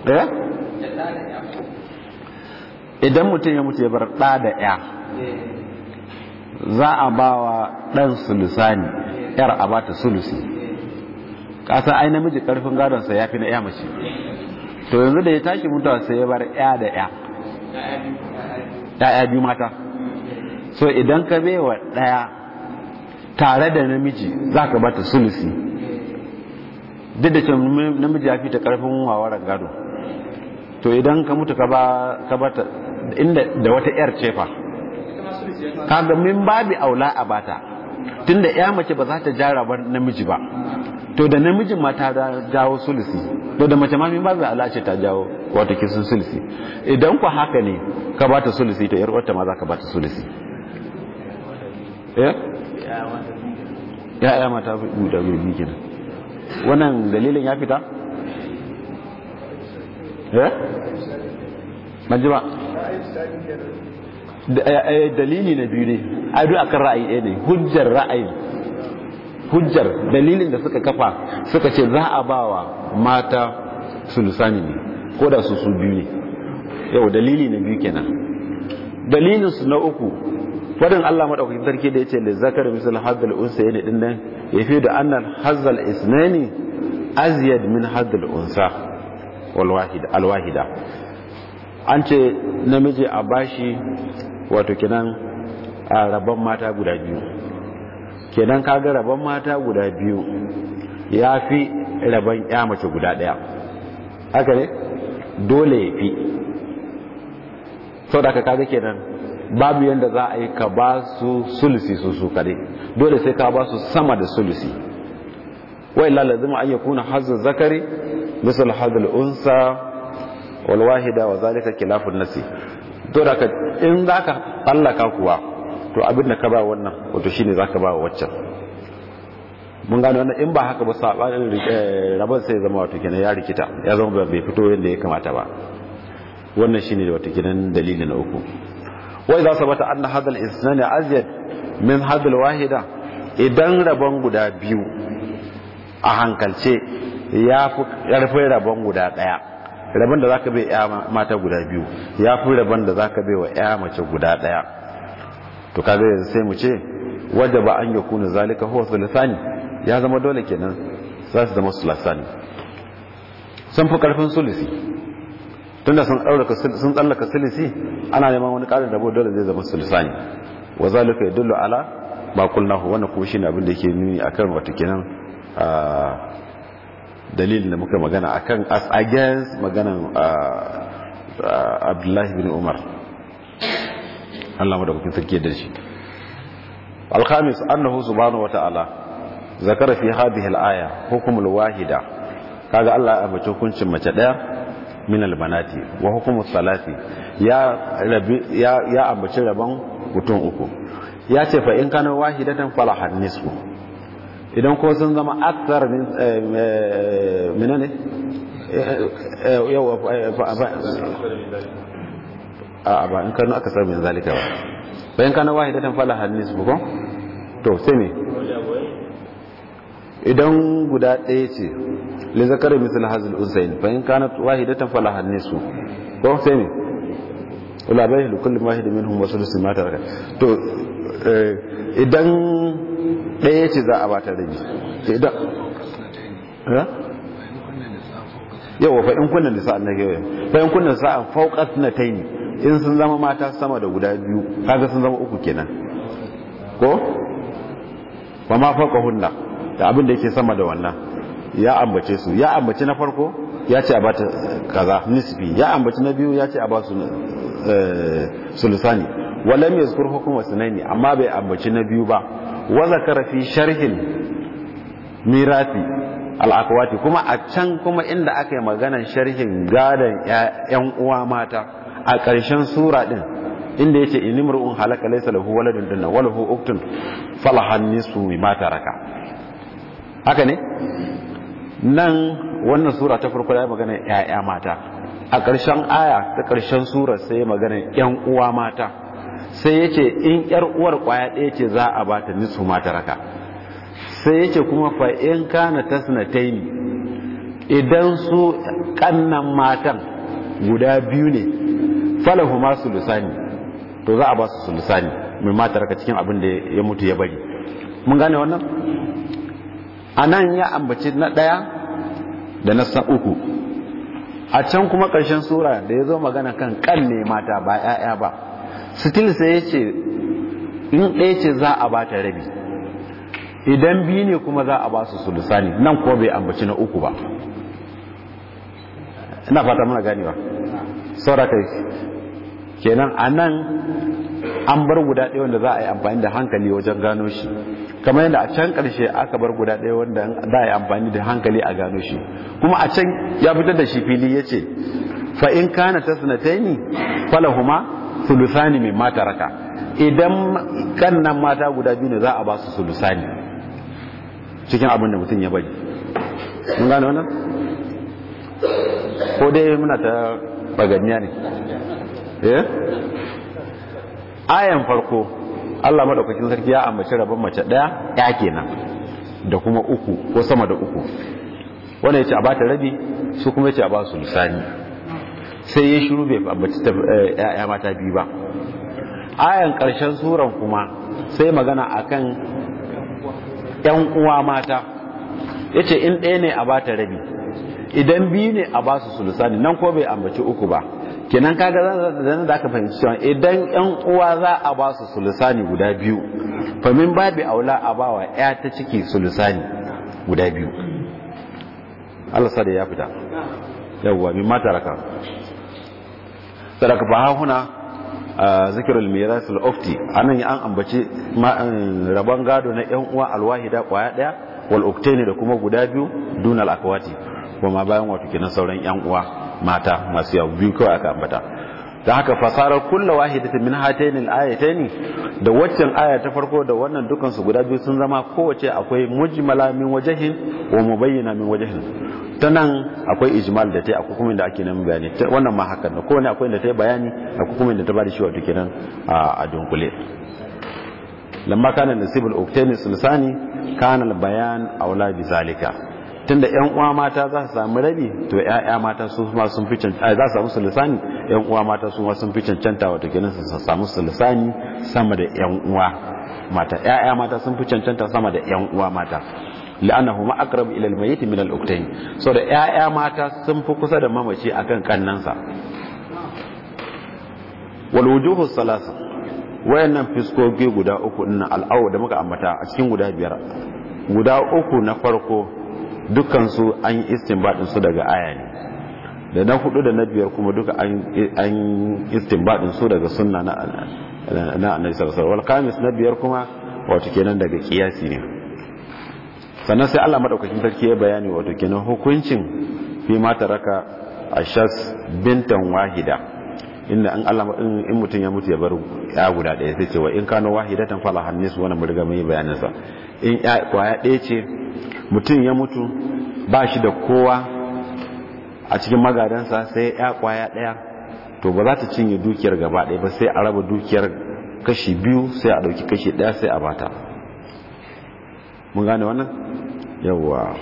eh? idan mutum ya mutu ya bar ɗa da ya za a ba wa ɗan sulusani yar a ba ta sulusi kasa ai namiji karfin gadonsa ya yafi na ya mace to yanzu da ya tashi mutuwa sai ya bar ya da ya ya biyu mata so idan ka bai wa daya tare da namiji za ka bata sulusi duk da cewa namiji ya fi ta karfin wawaran gado to idan ka mutu ka bata inda da wata yar cefa kaga min babi aula a bata tunda ya mace ba za ta jara ba namiji ba to da namijin ma ta jawo sulisi to da mace ma min ba za a ce ta jawo wato kisan sulisi idan ku haka ne ka ba ta sulisi to yar wata ma za ka ba ta sulisi eh? ya ya mata fi da gurbi kenan wannan dalilin ya fita eh ban ba eh, dalili na biyu ne a duk akan ra'ayi ɗaya ne hujjar ra'ayi hujjar dalilin da suka kafa suka ce za a ba wa mata sulusani ne ko da su su biyu ne yau dalili na biyu kenan dalilin su na uku fadin Allah madaukakin sarki da yace zakar misal hadal unsa yana din nan yafi da annal hazal isnani azyad min hadal unsa wal wahid al an ce namiji a bashi wato kinan a rabon mata guda biyu kenan kaga rabon mata guda biyu ya fi rabon ya mace guda daya haka ne dole ya fi sau da aka kaga kenan babu yadda za a yi ka ba su sulisi su su kare dole sai ka ba su sama da sulisi wai lalazima an kuna hazu zakari misal hadul unsa walwahida wa zalika kilafin nasi to da in ka fallaka kuwa to abin da ka ba wannan wato shine zaka ba waccan mun gano wannan in ba haka ba sabanin eh, rabon sai zama wato kenan ya rikita ya zama bai fito yadda ya kamata ba wannan shine wato kenan dalili na uku wai idza sabata anna hadal isna ne azyad min hadal wahida idan rabon guda biyu a hankalce ya fi karfin rabon guda daya rabon da zaka bai ya mata guda biyu ya fi rabon da zaka bai wa ya mace guda daya to kaga sai mu ce wadda ba an yakuna zalika huwa sulasani ya zama dole kenan za su zama sulasani sun fi karfin sulisi tunda sun sun tsallaka sulisi ana neman wani karin rabo dole zai zama sulusani wa zalika yadullu ala ma qulnahu wannan kuma shi abin da yake nuni akan wata kenan dalilin da muka magana akan as against maganan Abdullahi bin Umar Allah madaukakin sarki da shi al-khamis annahu subhanahu wa ta'ala zakara fi hadhihi al-aya hukmul wahida kaga Allah ya bace hukuncin mace daya min al-banati wa hukmu salati ya ya ya ambaci rabon mutum uku ya ce fa in kana wahidatan falahan nisfu idan ko sun zama akthar min eh, eh, minane eh, a'a ba in kano aka samu min zalika ba bayan kana wahidatan fala hadis ko to sai me idan guda ɗaya ce li zakari misal hazil usayn fa in kanat wahidatan fala hadis ko sai me wala bai li kulli wahid minhum wa sulusi ma taraka to eh, idan ɗaya ce za a bata rabi idan yawa fa in kunna nisa annake fa in kunna sa'a na nataini in sun zama mata sama da guda biyu kaga sun zama uku kenan ko ba ma hunna da abin da yake sama da wannan ya ambace su ya ambace na farko ya ce a ta kaza nisbi ya ambace na biyu ya ce a ba su eh, sulusani zukur yazkur hukm naini amma bai ambace na biyu ba wa zakara sharhin mirafi alakwati kuma a can kuma inda aka yi maganan sharhin gadon yan uwa mata a ƙarshen sura ɗin, inda yace inimru'un halaka laysa lahu waladun dinna walahu uktun falahan nisu mata taraka haka ne nan wannan sura ta farko ya magana ya'ya mata a ƙarshen aya ta ƙarshen sura sai magana yan uwa mata sai yace in yar uwar kwaya ɗaya ce za a bata nisu mata raka sai yace kuma fa in kana tasnataini idan su kannan matan guda biyu ne falahu ma sulusani to za a ba su sulusani mai mata raka cikin abin da ya mutu ya bari mun gane wannan a nan ya ambaci na ɗaya da na san uku a can kuma ƙarshen sura da ya zo magana kan kan ne mata ba 'ya'ya ba sitil sai ya ce in ɗaya ce za a ba ta rabi idan biyu ne kuma za a ba su sulusani nan kuwa bai ambaci na uku ba ina fata muna ganewa saura kai kenan a nan an bar guda ɗaya wanda za a yi amfani da hankali wajen gano shi kamar yadda a can ƙarshe aka bar guda ɗaya wanda za a yi amfani da hankali a gano shi kuma a can ya fitar da shi fili ya ce fa kana ta sinataini falahuma sulusani mai mata raka idan kannan mata guda biyu ne za a ba su sulusani cikin abin da mutum ya bari mun gane wannan ko dai muna ta baganiya ne eh ayan farko Allah madaukakin sarki ya ambaci rabon mace daya ya kenan da kuma uku ko sama da uku wanda yace a bata rabi su kuma yace a ba su lisani sai ya shiru bai ambaci eh, ya mata biyu ba ayan karshen suran kuma sai magana akan yan uwa mata yace in ɗaya ne a bata rabi idan biyu ne a ba su sulusani nan ko bai ambaci uku ba kenan kaga zan da aka fahimci cewa idan yan uwa za a ba su sulusani guda biyu famin babi aula a ba wa ya ta ciki sulusani guda biyu Allah sada ya fita yawwa min mata raka sadaka ba huna zikirul miras ufti anan an ambaci eh, rabon gado na yan uwa alwahida kwaya daya wal uktaini da kuma guda biyu dunal akwati kuma bayan wato kenan sauran yan uwa mata masu yawo biyu kawai aka ambata ta haka fasarar kulla wahidatin min hataini ne da waccan aya ta farko da wannan dukan su guda biyu sun zama kowace akwai mujmala min wajahin wa mubayyana min wajahin. ta nan akwai ijmal da ta yi a hukumin da ake nan bayani wannan ma hakan da kowane akwai da ta yi bayani a hukumin da ta bada shi wato nan a dunkule lamma kana nasibul oktanis sulsani kana bayan aula bi zalika tunda yan uwa mata za su samu rabi to ya'ya mata su ma sun fi cancanta za su samu sulusani yan uwa mata su ma sun fi cancanta wato kenan su samu sulusani sama da yan uwa mata ya'ya mata sun fi cancanta sama da yan uwa mata La'ana ma aqrabu ila al-mayyit min al-uktayn so da ya'ya mata sun fi kusa da mamaci akan kannansa wal wujuhu salasa wayannan fiskoki guda uku dinnan al'awu da muka ambata a cikin guda biyar guda uku na farko dukansu an yi su daga aya ne da na hudu da na biyar kuma duka an su daga sunna na annabi sarasar wal kamis na biyar kuma wato kenan daga kiyasi ne sannan sai Allah madaukakin sarki ya bayani wato kenan hukuncin fi ma a shas bintan wahida inda an Allah in mutum ya mutu ya bar ya guda ɗaya sai cewa in kano wahidatan fala hannis wannan mun riga mun yi bayanin sa in ya kwaya ɗaya ce mutum ya mutu ba shi da kowa a cikin magadansa sai ya kwaya ɗaya to ba za ta cinye dukiyar gaba ɗaya ba sai a raba dukiyar kashi biyu sai a ɗauki kashi daya sai a bata mun gane wannan yawwa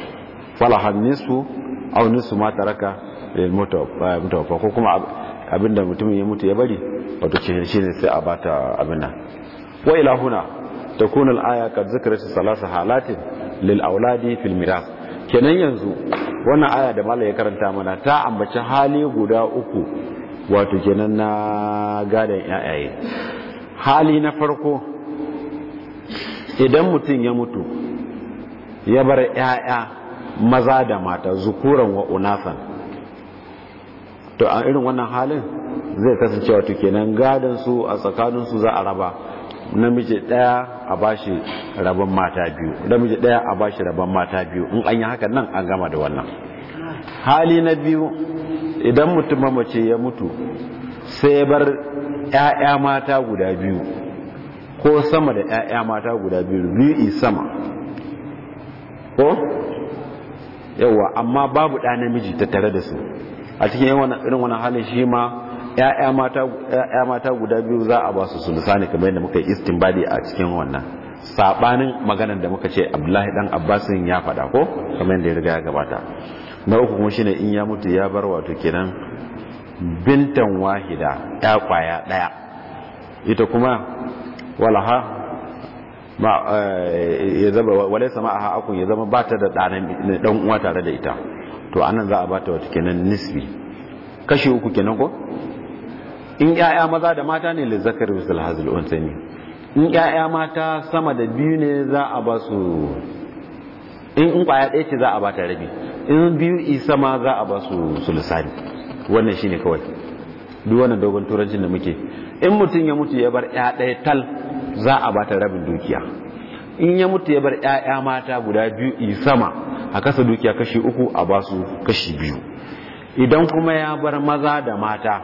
fala hannisu au nisu ma taraka lil eh, mutawaffa ko kuma abinda mutumin ya mutu ya bari wato shi ne sai a bata abin nan wa ila huna takuna al'aya aya kad salasa halatin lil auladi fil kenan yanzu wannan aya da malai ya karanta mana ta ambaci hali guda uku wato kenan na gadon yayaye hali na farko idan mutum ya mutu ya bar yaya maza da mata zukuran wa unasan to a irin wannan halin zai kasance wato kenan gadon su a tsakanin su za a raba namiji daya a bashi rabon mata biyu namiji daya a bashi rabon mata biyu in an yi haka nan an gama da wannan hali na biyu idan mutum mamace ya mutu sai ya bar ƴaƴa mata guda biyu ko sama da ƴaƴa mata guda biyu biyu sama ko yawa amma babu ɗa namiji tattare da su a cikin irin wani halin shi ma ya'ya mata guda biyu za a ba su misali kamar yadda muka yi badi a cikin wannan sabanin maganar da muka ce abdullahi dan abbasin ya faɗa ko kamar yadda ya riga ya gabata na uku kuma shine in ya mutu ya bar wato kenan bintan wahida ya kwaya daya ita kuma walaha ma eh, ya zama wale akun ya zama ba ta da ɗan uwa tare da ita to anan za a bata wata kenan nisbi kashi uku kenan ko in ƴaƴa maza da mata ne zakari wasu misal hazil ne in ƴaƴa mata sama da biyu ne za a ba su in in kwaya ɗaya ce za a bata rabi in biyu isa ma za a ba su sulusani wannan shine kawai duk wannan dogon turancin da muke in mutum ya mutu ya bar ƴa ɗaya tal za a bata rabin dukiya in ya mutu ya bar ƴaƴa mata guda biyu in sama a kasa dukiya kashi uku a basu kashi biyu idan kuma ya bar maza da mata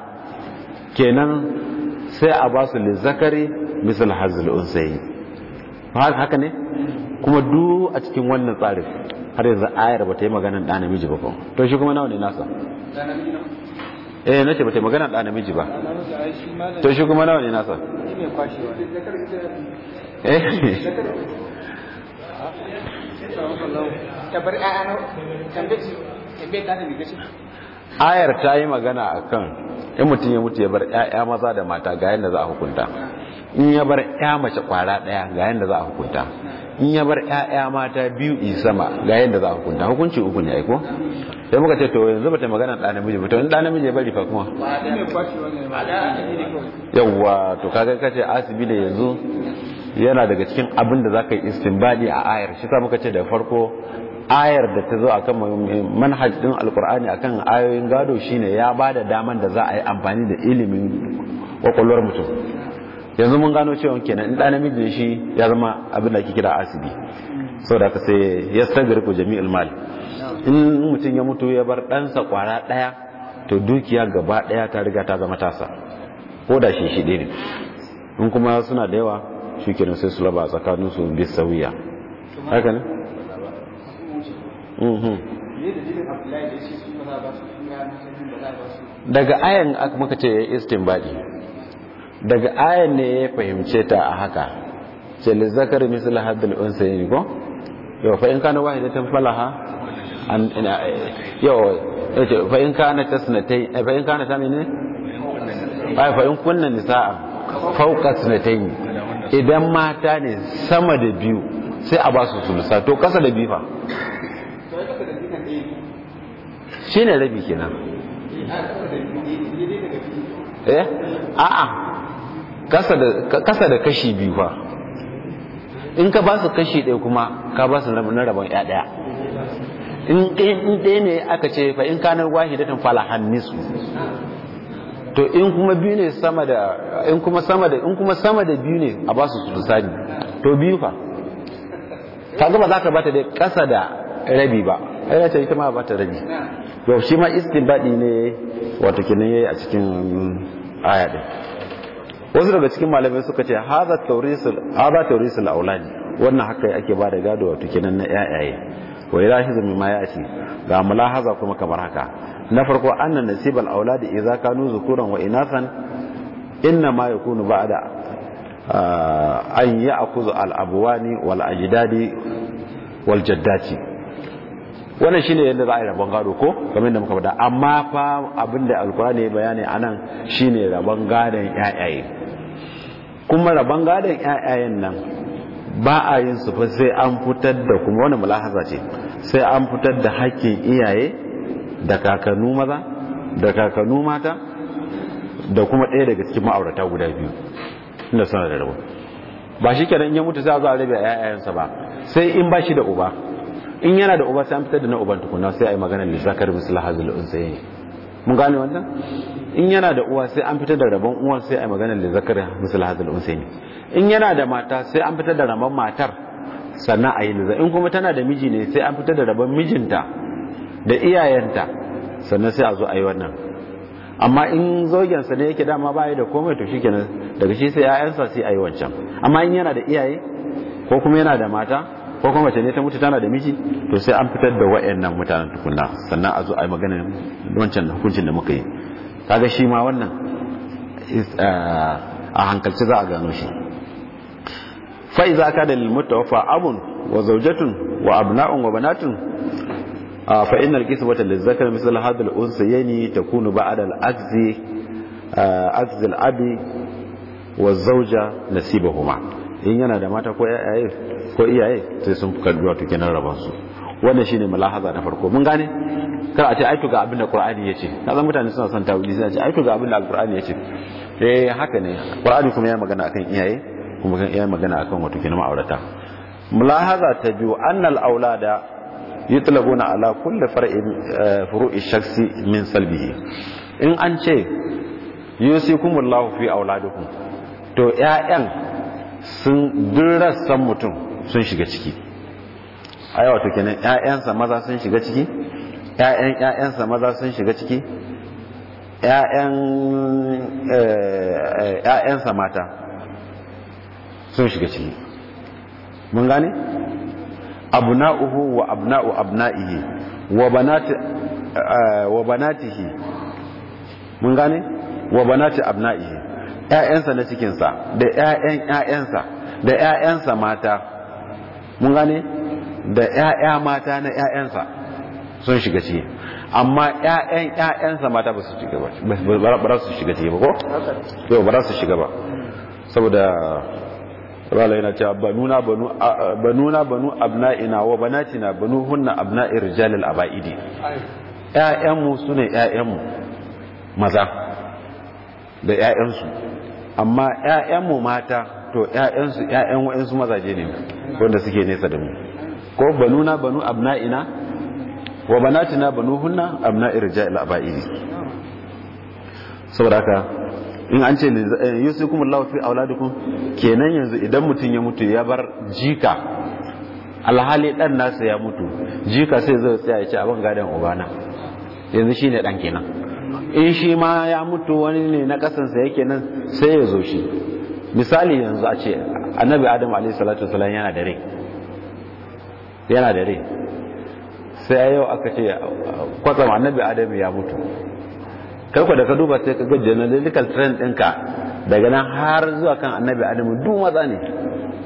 kenan sai a basu zakari misal hazil unsayi haka ne kuma duk a cikin wannan tsarin har yanzu ayar ba ta yi maganar eh, ɗa namiji ba to shi kuma nawa ne nasa eh ce ba ta yi maganar ɗa namiji ba to shi kuma nawa ne nasa eh ayar ta yi magana a kan in mutum ya mutu ya bar 'ya'ya maza da mata ga yadda za a hukunta in ya bar 'ya mace kwara daya ga yadda za a hukunta in ya bar 'ya'ya mata biyu sama ga yadda za a hukunta hukunci uku ne aiko sai muka ce to yanzu bata magana ɗan namiji ba to in namiji ya bari fa kuma yawwa to kaga kace asibi da yanzu yana daga cikin abin da za ka yi istimbaɗi a ayar shi sa muka ce da farko ayar da ta zo akan kan din alkur'ani kan ayoyin gado shine ya ba da daman da za a yi amfani da ilimin kwakwalwar mutum yanzu mun gano cewa kenan in ɗan namijin shi ya zama abin da ake kira asibi da ka sai ya ku jami'ul mali in mutum ya mutu ya bar ɗansa kwara ɗaya to dukiya gaba ɗaya ta riga ta zama tasa ko da shi shi ne in kuma suna da yawa shi kenan sai su laba tsakanin su bi sauya haka ne mhm. daga ayan maka ce ya istinbadi daga ayan ne ya fahimce ta a haka ce li zakar misal haddal unsa ne ko yau fa in kana ta falaha an yau fa in kana tasnatai eh, fa in kana ta menene fa in kunna nisaa fawqa tasnatayn idan mata ne sama da biyu sai a ba su sulusa to kasa da biyu fa shi ne rabi kenan eh a'a kasa da kashi biyu fa in ka ba su kashi ɗaya kuma ka ba su na rabon ya ɗaya in ɗaya ne aka ce fa in kanar wahidatan falahan nisu to in kuma biyu ne sama da in kuma sama da in kuma sama da biyu ne a ba su sulusani to biyu fa kaga ba za ka bata da kasa da rabi ba ai ta ita ma bata rabi to shi ma istinbadi ne wato kenan yayi a cikin aya din wasu daga cikin malamai suka ce hadha tawrisul hadha tawrisul auladi wannan haka ake ba da gado wato kenan na yayaye wa ilahi zumi ma ce ga mulahaza kuma kamar haka na farko annan nasibal auladi idza kanu zukuran wa inasan inna ma yakunu ba'da ah, an ya'khudhu al abwani wal ajdadi wal jaddati wannan shine yadda za a yi rabon gado ko kamar da muka faɗa amma fa abinda alkurani bayani anan shine rabon gadon yayaye kuma rabon gadon yayayen nan ba a yin su fa sai an fitar da kuma wani mulahaza ce sai an fitar da hakkin iyaye da kakannu maza da kakannu mata da kuma ɗaya daga cikin ma'aurata guda biyu inda suna da rabo ba shi kenan ya mutu sai a zo a rabe a yayayensa ba sai in ba shi da uba in yana da uba sai an fitar da na uban tukuna sai a yi maganar lissakar misali hazul unsayi mun gane wannan in yana da uwa sai an fitar da rabon uwan sai a yi maganar lissakar misali hazul unsayi in yana da mata sai an fitar da rabon matar sannan a yi lissa in kuma tana da miji ne sai an fitar da rabon mijinta da iyayenta sannan sai a zo a yi wannan amma in zogensa ne yake dama baya da komai to shikenan daga shi sai 'ya'yansa sai a yi wancan amma in yana da iyaye ko kuma yana da mata ko kuma mace ne ta mutu tana da miji to sai an fitar da nan mutanen tukunna sannan a zo a yi magana wancan hukuncin da muka yi kaga shi ma wannan eh, a hankalci za a gano shi fa iza da lil mutawaffa abun wa zawjatun wa abna'un wa banatun fa innal qismata lizakar misal hadal yani takunu ba'da al-ajzi ajzi al-abi wa zawja nasibahuma in yana da mata ko iyaye ko iyaye sai sun kaddu wato kenan raban su wannan shine mulahaza na farko mun gane kar a ce ai ga abin da qur'ani yace zan mutane suna son tawili a ce ai ga abin da qur'ani yace eh haka ne qur'ani kuma ya magana akan iyaye kuma ya magana akan wato kenan ma'aurata mulahaza ta biyu annal aulada yutlabuna ala kulli far'in eh, furu'i shakhsi min salbihi in an ce yusikumullahu fi auladikum to ƴaƴan sun san mutum sun shiga ciki ayawa to kenan ƴaƴansa maza sun shiga ciki ƴaƴan ƴaƴansa maza sun shiga ciki ‘ya'yansa eh, mata sun shiga ciki mun gane abna'uhu wa abna'u abna'ihi wa banati eh, wa banatihi mun gane wa banati abna'ihi ƴaƴansa na cikin sa da ƴaƴan ƴaƴansa da ƴaƴansa mata mun gane da ƴaƴa mata na ƴaƴansa sun shiga ciki amma ƴaƴan ƴaƴansa mata ba su shiga ba ba za su shiga ciki ba ko to ba za su shiga ba saboda wala yana cewa banuna banu banuna banu abna'ina wa banatina banu hunna abna'i rijalil aba'idi ƴaƴanmu sune mu maza da su amma mu mata to ƴaƴansu ƴaƴan su mazaje ne wanda suke nesa da mu ko banuna banu abna'ina wa banatina banu hunna abna'i rijalil aba'idi saboda haka in an ce eh, yusikum Allah fi auladikum kenan yanzu idan mutum ya mutu ya bar jika alhali dan nasa ya mutu jika sai zai tsaya ya ce abin gadon ubana yanzu shine dan kenan in shi ma ya mutu wani ne na kasansa ya nan sai ya zo shi misali yanzu a ce annabi adam alaihi salatu wasalam yana da rai yana da rai sai yau aka ce kwatsam annabi adam ya mutu karko da ka duba sai ka na genealogical trend ɗinka daga nan har zuwa kan annabi adamu duk maza ne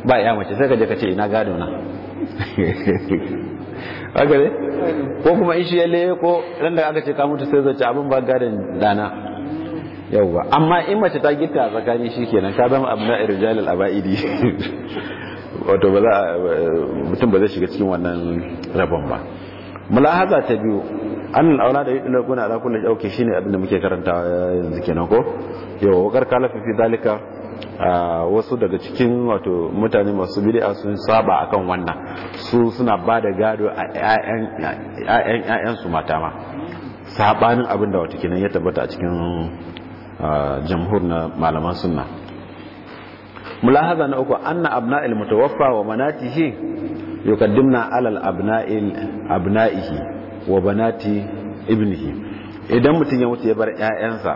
ba ya mace sai ka je ka ce ina gado na [laughs] haka ko kuma in shi yalle ko ran da aka ce ka mutu sai zo ci abin ba gadon dana yauwa amma in mace ta gita a tsakani shi kenan ka zama abu na al [laughs] wato ba za mutum ba zai shiga cikin wannan rabon ba mulahaza ta biyu annan aula da yadda guna da kuna dauke shine abin da muke karantawa yanzu kenan ko yau wakar kala fi zalika wasu daga cikin wato mutane masu bid'a sun saba akan wannan su suna ba da gado a ƴaƴan su mata ma sabanin abin da wato kenan ya tabbata a cikin jamhur na malaman sunna mulahaza na uku anna abna'il mutawaffa wa manatihi yuqaddimna alal abna'il abna'ihi wa banati ibnihi idan mutum ya mutu ya bar ƴaƴansa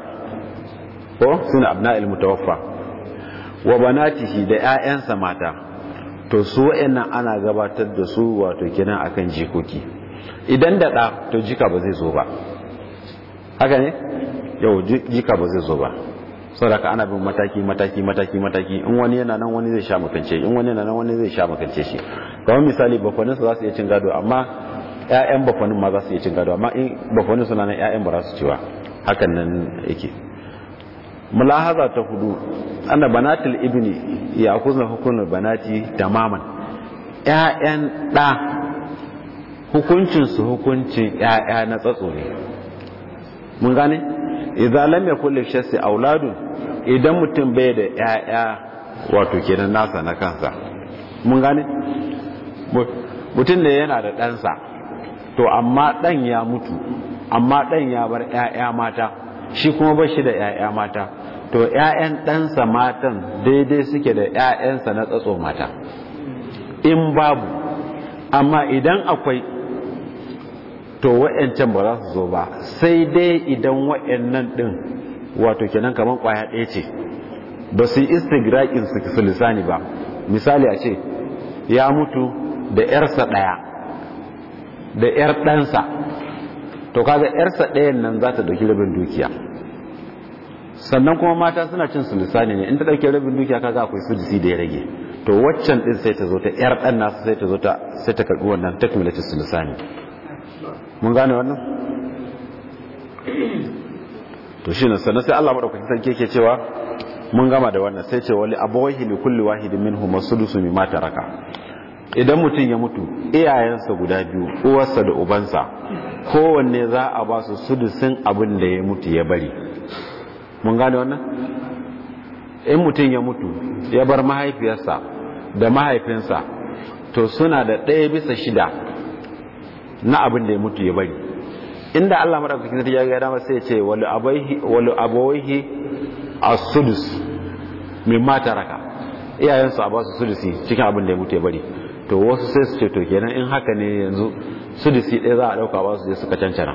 ko suna abna'il mutawaffa wa banatihi da ƴaƴansa mata to su wa'annan ana gabatar da su wato kenan akan jikoki idan da ɗa to jika ba zai zo ba haka ne yau jika ba zai zo ba saboda ana bin mataki mataki mataki mataki in wani yana nan wani zai sha makance in wani yana nan wani zai sha makance shi kamar misali bakwanin su za su iya cin gado amma ƴaƴan bafanin ma za su iya cin gado amma in bafanin suna nan ƴaƴan ba za su ci hakan nan yake mulahaza ta hudu anna banatul ibni ya kuzna hukunul banati tamaman ƴaƴan ɗa su hukuncin ƴaƴa na tsatso ne mun gane idza lam yakul li shasi auladun idan mutum bai da ƴaƴa wato kenan nasa na kansa mun gane mutum ne yana da ɗansa to amma ɗan ya mutu amma ɗan ya bar ‘ya'ya mata shi kuma ba shi da ‘ya'ya mata to ‘ya'yan ɗansa matan daidai suke da ‘ya'yansa na tsatso mata in babu amma idan akwai to wa'yancan ba za su zo ba sai dai idan wa'yannan ɗin wato kenan kamar ƙwaya ɗaya ce ba su yi istigraƙin su lisani ba misali a ce ya mutu da ‘yarsa ɗaya da yar ɗansa to kaga yarsa ɗayan nan za ta ɗauki rabin dukiya sannan kuma mata suna cin su lissani ne in ta ɗauki rabin dukiya kaga akwai jisi da ya rage to waccan ɗin sai ta zo ta yar ɗan nasu sai ta zo ta sai ta karɓi wannan ta kuma su lissani. mun gane wannan to shi ne sannan sai Allah maɗaukakin sarki ke cewa mun gama da wannan sai ce wali abawaihi li kulli wahidin minhum sulusu mimma taraka idan mutum ya mutu iyayensa guda biyu uwarsa da ubansa kowanne za a ba su sudusin abin da ya mutu ya bari mun gane wannan in mutum ya mutu ya bar mahaifiyarsa da mahaifinsa to suna da ɗaya bisa shida na abin da ya mutu ya bari inda Allah mara sarki ya yaga dama sai ya ce walu abuwaihi a sudus mai mata raka taraka iyayensu a ba su sudusi cikin abin da ya mutu ya bari to wasu sai su ce to kenan in haka ne yanzu sudisi ɗaya za a ɗauka ba su je suka cancara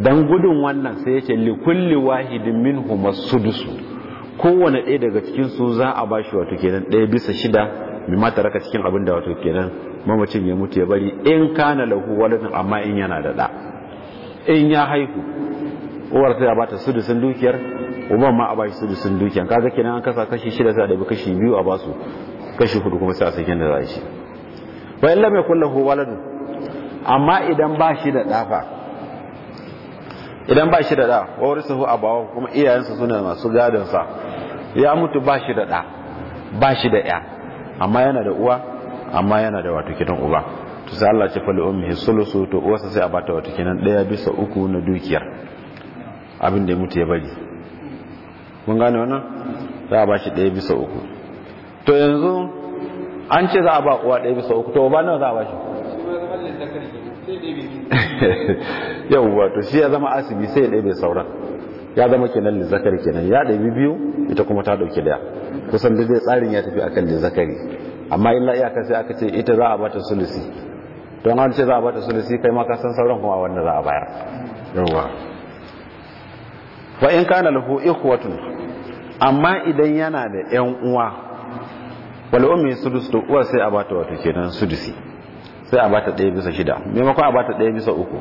dan gudun wannan sai ya ce li kulli wahidin minhum sudusu kowane ɗaya daga cikin su za a bashi wato kenan ɗaya bisa shida mai mata raka cikin abin da wato kenan mamacin ya mutu ya bari in kana lahu waladin amma in yana da ɗa in ya haihu uwar a ba ta sudusin dukiyar uban ma a bashi sudusin dukiyar kaga kenan an kasa kashi shida sai a ɗabi kashi biyu a basu kashi hudu kuma sai a sakin da za a shi wa illa mai kulla hu waladu amma idan ba shi da dafa idan ba shi da da wa warisuhu abawa kuma iyayensa suna masu gadon sa ya mutu ba shi da da ba shi da ya amma yana da uwa amma yana da wato uba to sai Allah ce fali ummihi sulusu to uwarsa sai a bata wato kinan daya bisa uku na dukiyar abin da ya mutu ya bari mun gane wannan za a ba shi daya bisa uku to yanzu an ce za a ba uwa ɗaya bisa uku to ba nawa za a ba shi [laughs] yawwa to shi ya zama asibi sai ya ɗaya sauran ya zama kenan lizakari kenan ya ɗaya biyu ita kuma ta ɗauki ɗaya kusan da dai tsarin ya tafi akan lizakari amma illa iyaka sai aka ce ita za a bata sulusi don an ce za a bata sulusi kai ma ka san sauran kuma wanda za a bayar yawwa wa in kana lahu ikhwatun amma idan yana da ƴan uwa wala ummi sudus to uwar sai a bata wato kenan sudusi sai a bata ɗaya bisa shida maimakon a bata ɗaya bisa uku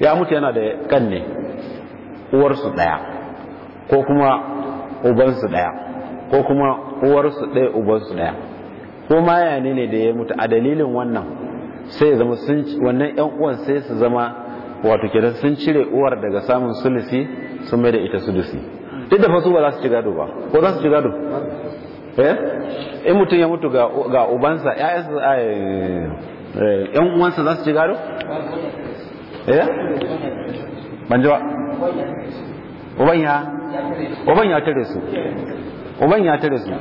ya mutu yana da ne uwarsu ɗaya ko kuma ubansu ɗaya ko kuma uwarsu ɗaya ubansu ɗaya ko ma yane ne da ya mutu a dalilin wannan sai zama sun wannan yan uwan sai su zama wato kenan sun cire uwar daga samun sulusi sun mai da ita sulusi duk da fasu ba za su ci gado ba ko za su ci gado Eh? in mutum ya mutu ga ubansa eh, ‘yan uwansa za su ci gado? Eh? ban jiwa uban ya tare su uban ya tare su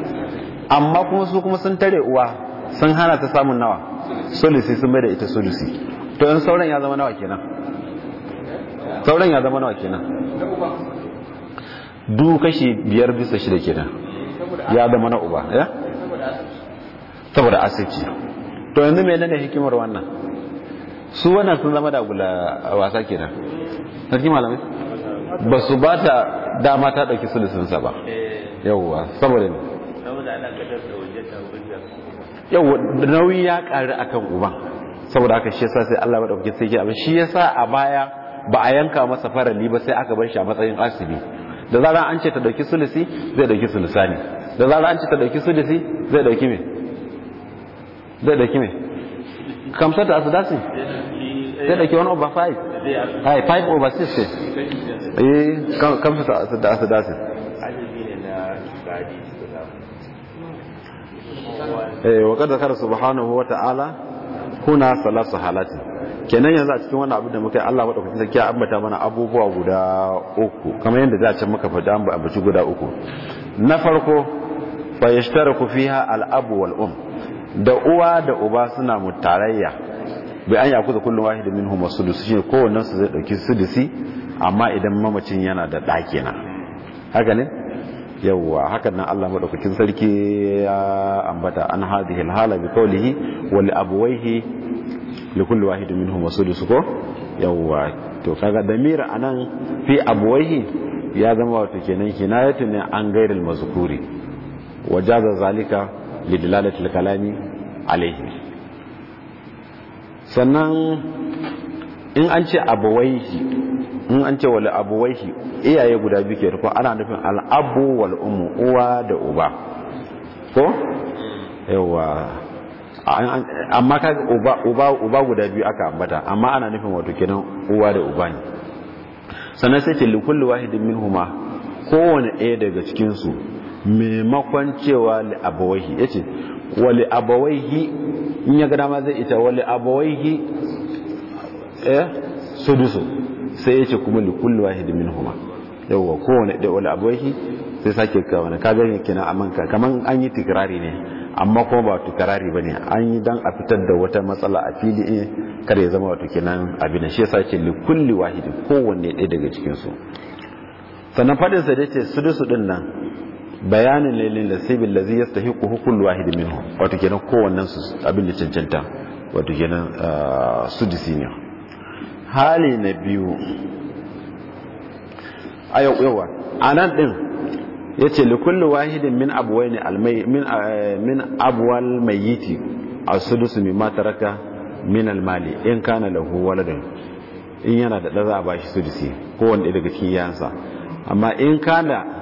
amma kuma su kuma sun tare uwa sun hana ta samun nawa solisi sun bai da ita solisi to in sauran ya zama nawa kenan sauran ya zama nawa kenan Dukashi kashi biyar bisa shida kenan ya zama na uba ya saboda asirci to yanzu mai nane hikimar wannan su wannan sun zama da gula a wasa nan sarki malamai ba su ba ta dama ta ɗauki sulisinsa ba eh. yawwa saboda ne yawwa nauyi ya ƙari kan uban saboda aka shi yasa sai Allah madaukakin sai abin shi yasa a baya ba a yanka masa farali ba sai aka bar shi a matsayin asibi da zara an ce ta dauki sulisi zai dauki sulusani da zara an ci ta dauki dasi zai dauki me zai dauki me kamsar ta asudasi zai dauki one over 5 hai 5 over 6 ce eh kamsar ta asudasi eh wa kada zakara subhanahu wa ta'ala kuna salasu halati kenan yanzu a cikin wannan abu da muka yi Allah madaukakin sarki ya ambata mana abubuwa guda uku kamar yadda a can muka faɗa an ba guda uku na farko fa yashtaraku fiha al-abu wal um da uwa da uba suna mutarayya bi an yakuza kullu wahidin minhum as-sudus ko kowannen su zai dauki sudusi amma idan mamacin yana da ɗaki na haka ne yawwa hakan nan Allah madaukakin sarki ya ambata an hadhihi al-hala bi qawlihi wa li abawayhi li kulli wahidin minhum as-sudus ko yawwa to kaga a anan fi waihi ya zama wato kenan kinayatu ne an gairil mazkuri وجاز zalika لدلالة الكلام عليه sannan in an ce إن in an ce wal abuwaihi iyaye guda biyu ke rufa ana nufin al'abu wal uwa da uba ko yawa amma ka uba guda biyu aka ambata amma ana nufin wato kenan uwa da uba ne sannan sai ce likulli wahidin minhuma kowane ɗaya daga cikinsu maimakon cewa li ya yace wali abawaihi in ya ga dama zai ita wali abawaihi eh sudusu sai yace kuma li kulli wahidin minhuma yawwa kowane da wali abawaihi sai sake kawo na kagar yake na amanka kamar an yi tikrari ne amma kuma ba ba bane an yi dan a fitar da wata matsala a fili ne eh, kada ya zama wato kenan abin shi yasa ce likulli kulli kowanne ɗaya daga cikinsu. su sannan fadin sa su sudusu din nan bayanin lailin bin lazi ya stahi ku hukun wahidi min wato kenan kowannen su abin da cancanta wato kenan ah, su disi ne hali na biyu a yau yawa a nan ɗin ya ce likullu wahidin min abuwa ne min ah, abuwa mai yiti a sudusu mai mataraka min almali in na lahu waladin in yana da ɗaza a bashi sudusi kowanne daga cikin yansa amma in kana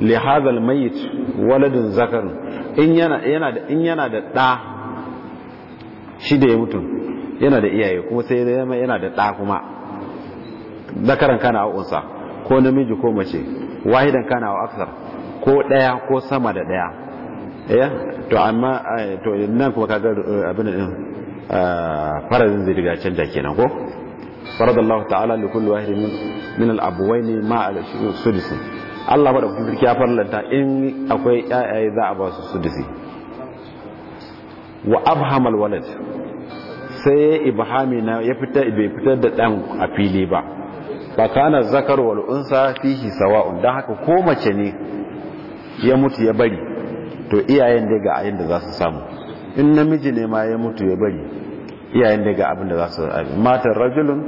lihazal hadha mayit waladin zakar in yana da ɗa shi da ya mutu yana da iyaye kuma sai da yama yana da ɗa kuma zakaran kana unsa ko namiji ko mace wahidan kana a aksar ko ɗaya ko sama da ɗaya ya eh, to amma eh, to nan kuma kaga eh, abin din farazin zai riga canja kenan ko faradallahu ta'ala li kulli wahidin min al-abwayn ma'a al-sudus Allah kuma kirki ya fallanta in akwai yayaye za a ba su sudusi wa abhamal walad sai ibhami na ya fitar bai fitar da dan a fili ba ba kana zakar wal unsa fihi sawa'un dan haka ko mace ne ya mutu ya bari to iyayen dai ga ayin da za su samu in namiji ne ma ya mutu ya bari iyayen daga abin da za su abi matar rajulun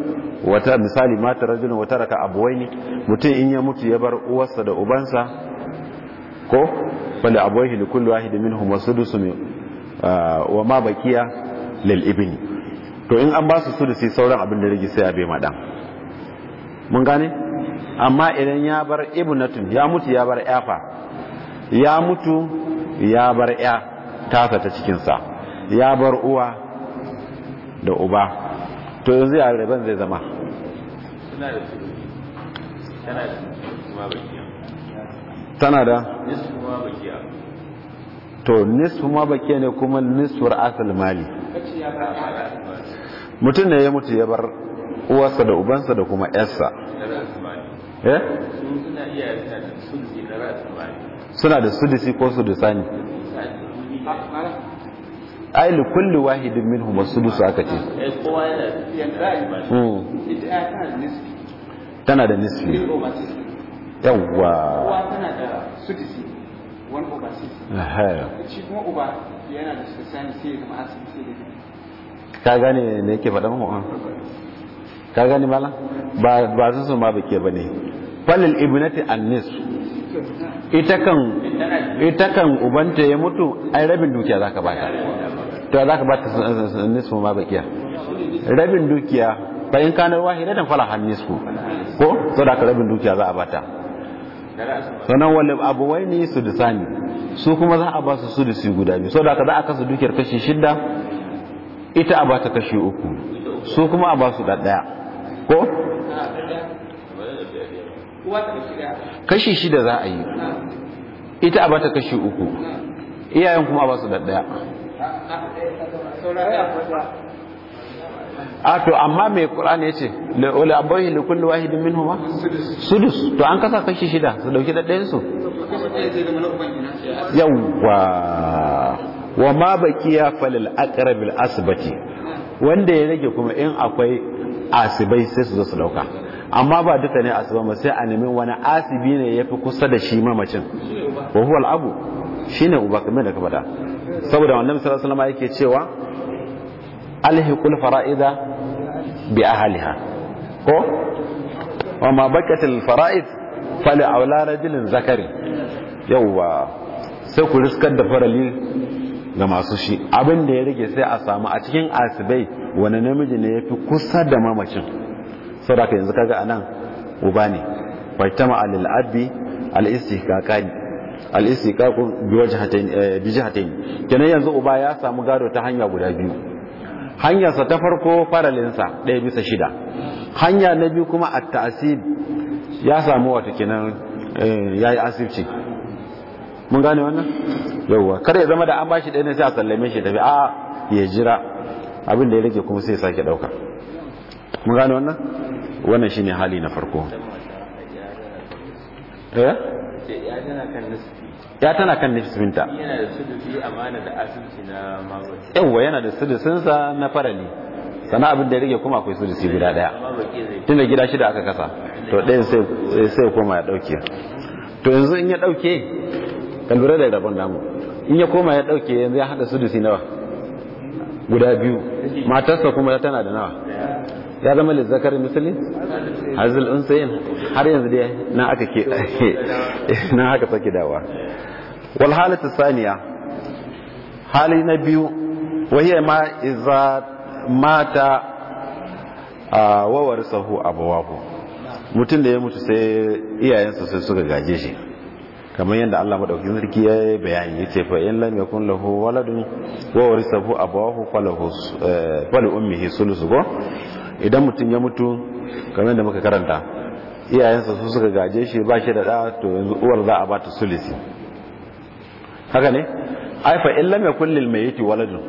wata misali matar rajulun wata raka abuwaini mutum in ya mutu ya bar uwarsa da ubansa ko wanda abuwaihi da kullu masu minhum wasudusu ah, wa ma bakiya lalibini to in an ba su sai sauran abin da rigi sai abe madan mun gane amma idan ya bar ibnatun ya mutu ya bar yafa ya mutu ya bar ya tasa ta cikinsa ya bar uwa da uba to yanzu ya raban zai zama tana da to nisfu ma bakiya ne kuma nisfur asal mali mutum ne ya mutu ya bar uwarsa da ubansa da kuma yarsa eh? suna da sudisi ko sudisani ai li kulli wahidin minhum as-sudus aka ce hmm. tana da nisfi yawwa tana ka gane ne yake faɗan hu'an ah. ka gane mala ba sun su ma bake ba ne falil ibnati an nisu. ita kan ita kan ubanta ya mutu ai rabin dukiya zaka bata to zaka bata nisfu ma bakiya rabin dukiya fa in kana dan fala han nisfu ko to da ka rabin dukiya za a bata sanan wal abuwaini sudusani su kuma za a ba su su sudusi guda biyu saboda ka za a kasa dukiyar kashi shida ita a bata kashi uku su kuma a ba su daddaya ko kashi shida za a yi ita a bata kashi uku iyayen kuma ba su da daya eh, a to amma mai qur'ani ya ce ula abahi da wahidin minhuma sudus to an kasa kashi shida su dauki da Yau yawwa wa ma baki ya falil akarabil asbati wanda ya rage kuma in akwai asibai sai su zo su dauka amma ba duka ne asuba ba sai a nemi wani asibi ne ya fi kusa da shi mamacin wa shi abu shine uba kamar da ka bada. saboda wannan misalar salama yake cewa alhiqul fara'iza bi Haliha. ko wa ma bakatil fara'id fali aula rajulin zakari ba sai ku riskar da farali ga masu shi abin da ya rage sai a samu a cikin asibai wani namiji ne ya fi kusa da mamacin saboda ka yanzu kaga anan uba ne faitama alil abi al istihqaqani al istihqaqu bi wajhatain eh, bi jihatain kenan yanzu uba ya samu gado ta hanya guda biyu hanyarsa ta farko faralinsa ɗaya bisa shida hanya na biyu kuma at ta'sib ya samu wato kenan eh, yayi asibci mun gane wannan yauwa kada ya zama da an bashi ɗaya ne sai a sallame shi tafi a ya jira abin da ya rage kuma sai ya sake ɗauka mun gane wannan wannan shi ne hali na farko eh? ya tana kan nufisminta yana da da asibiti na yawwa yana da sudufinsa na farali sana abin da ya rage kuma akwai sudusi guda daya tun da gida shida aka kasa to ɗayan sai koma ya ɗauke to yanzu in ya ɗauke ka lura da rabon damu in ya koma ya ɗauke yanzu ya haɗa sudusi nawa guda biyu matarsa kuma tana da nawa ya zama lizzakar misali hazil unsayin har yanzu dai na aka ke [laughs] na aka saki dawa wal halatu saniya hali na biyu wahiya ma iza mata wa sahu abawahu mutum da ya mutu sai iyayensa sai suka gaje shi kamar yadda Allah madauki sarki ya yi bayani ya ce fa in lam yakun lahu waladun wa warisahu abawahu falahu eh, falu ummihi sulusu go idan mutum ya mutu kamar da muka karanta iyayensa su suka gaje shi ba shi da ɗa to yanzu uwar za a ba ta sulisi haka ne ai fa in lam yakul lil waladun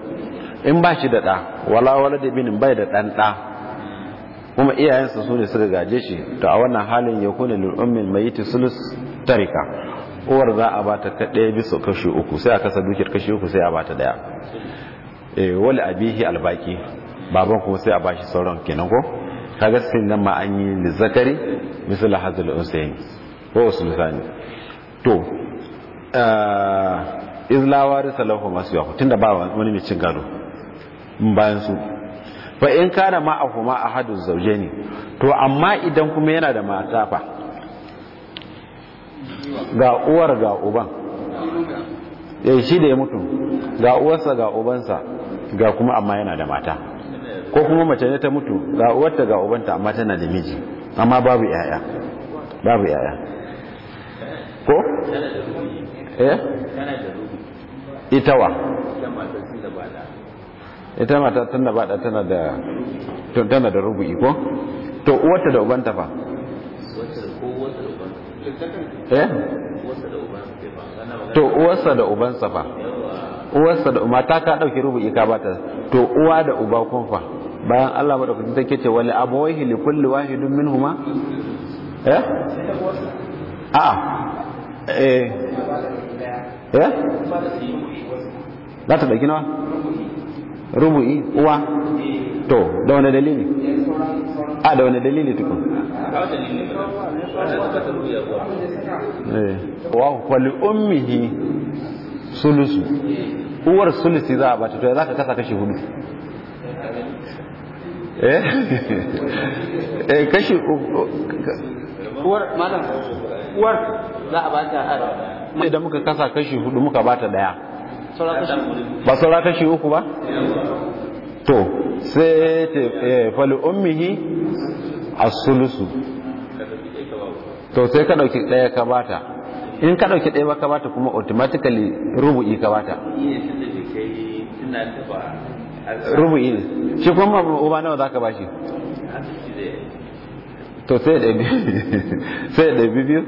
in ba shi da ɗa wala walad binin bai da ɗan ɗa kuma iyayensa su ne suka gaje shi to a wannan halin ya kuna lil ummil mayyiti sulus tarika uwar za a ba ta kaɗaya bisa kashi uku sai a kasa dukiyar kashi uku sai a ba ta ɗaya eh, wali abihi albaki baban kuma sai a bashi sauran kenan ko kaga sai nan ma an yi lizakari misal hazal usayn ko usulani to eh, izla warisa lahu masu yahu tunda ba wani mai cin gado in bayan su fa in kana ma'ahuma ahadu zawjaini to amma idan kuma yana da mata fa ga uwar ga uban eh shi da ya mutu ga uwarsa ga ubansa ga kuma amma yana da mata ko kuma mace ne ta mutu ga uwarta ga ubanta amma tana da miji amma babu yaya babu yaya ko eh ita wa ita mata tana ba da tana da tana da rubu'i ko to uwarta da ubanta fa eh to uwarsa da ubansa fa uwarsa da mata ka dauki rubu'i ka bata to uwa da uba kun fa bayan Allah madaukakin ke ce wal abawaihi li kulli wahidin minhuma eh a eh eh za ta rubu'i uwa to da wani dalili a da wani dalili tukun eh. wa kwali ummihi sulusu uwar sulusi za a bata to ya za ka kasa kashi hudu Eh? eh kashi uwar madam uwar za a bata idan muka kasa kashi hudu muka bata daya ba saura kashi uku ba to sai ta eh, fali ummihi a sulusu to sai ka dauki daya ka bata in ka dauki daya ba ka bata kuma automatically rubu'i ka bata iya kai ba rubu'i ne shi kuma uba nawa za ka ba shi to sai da biyu [laughs] sai da biyu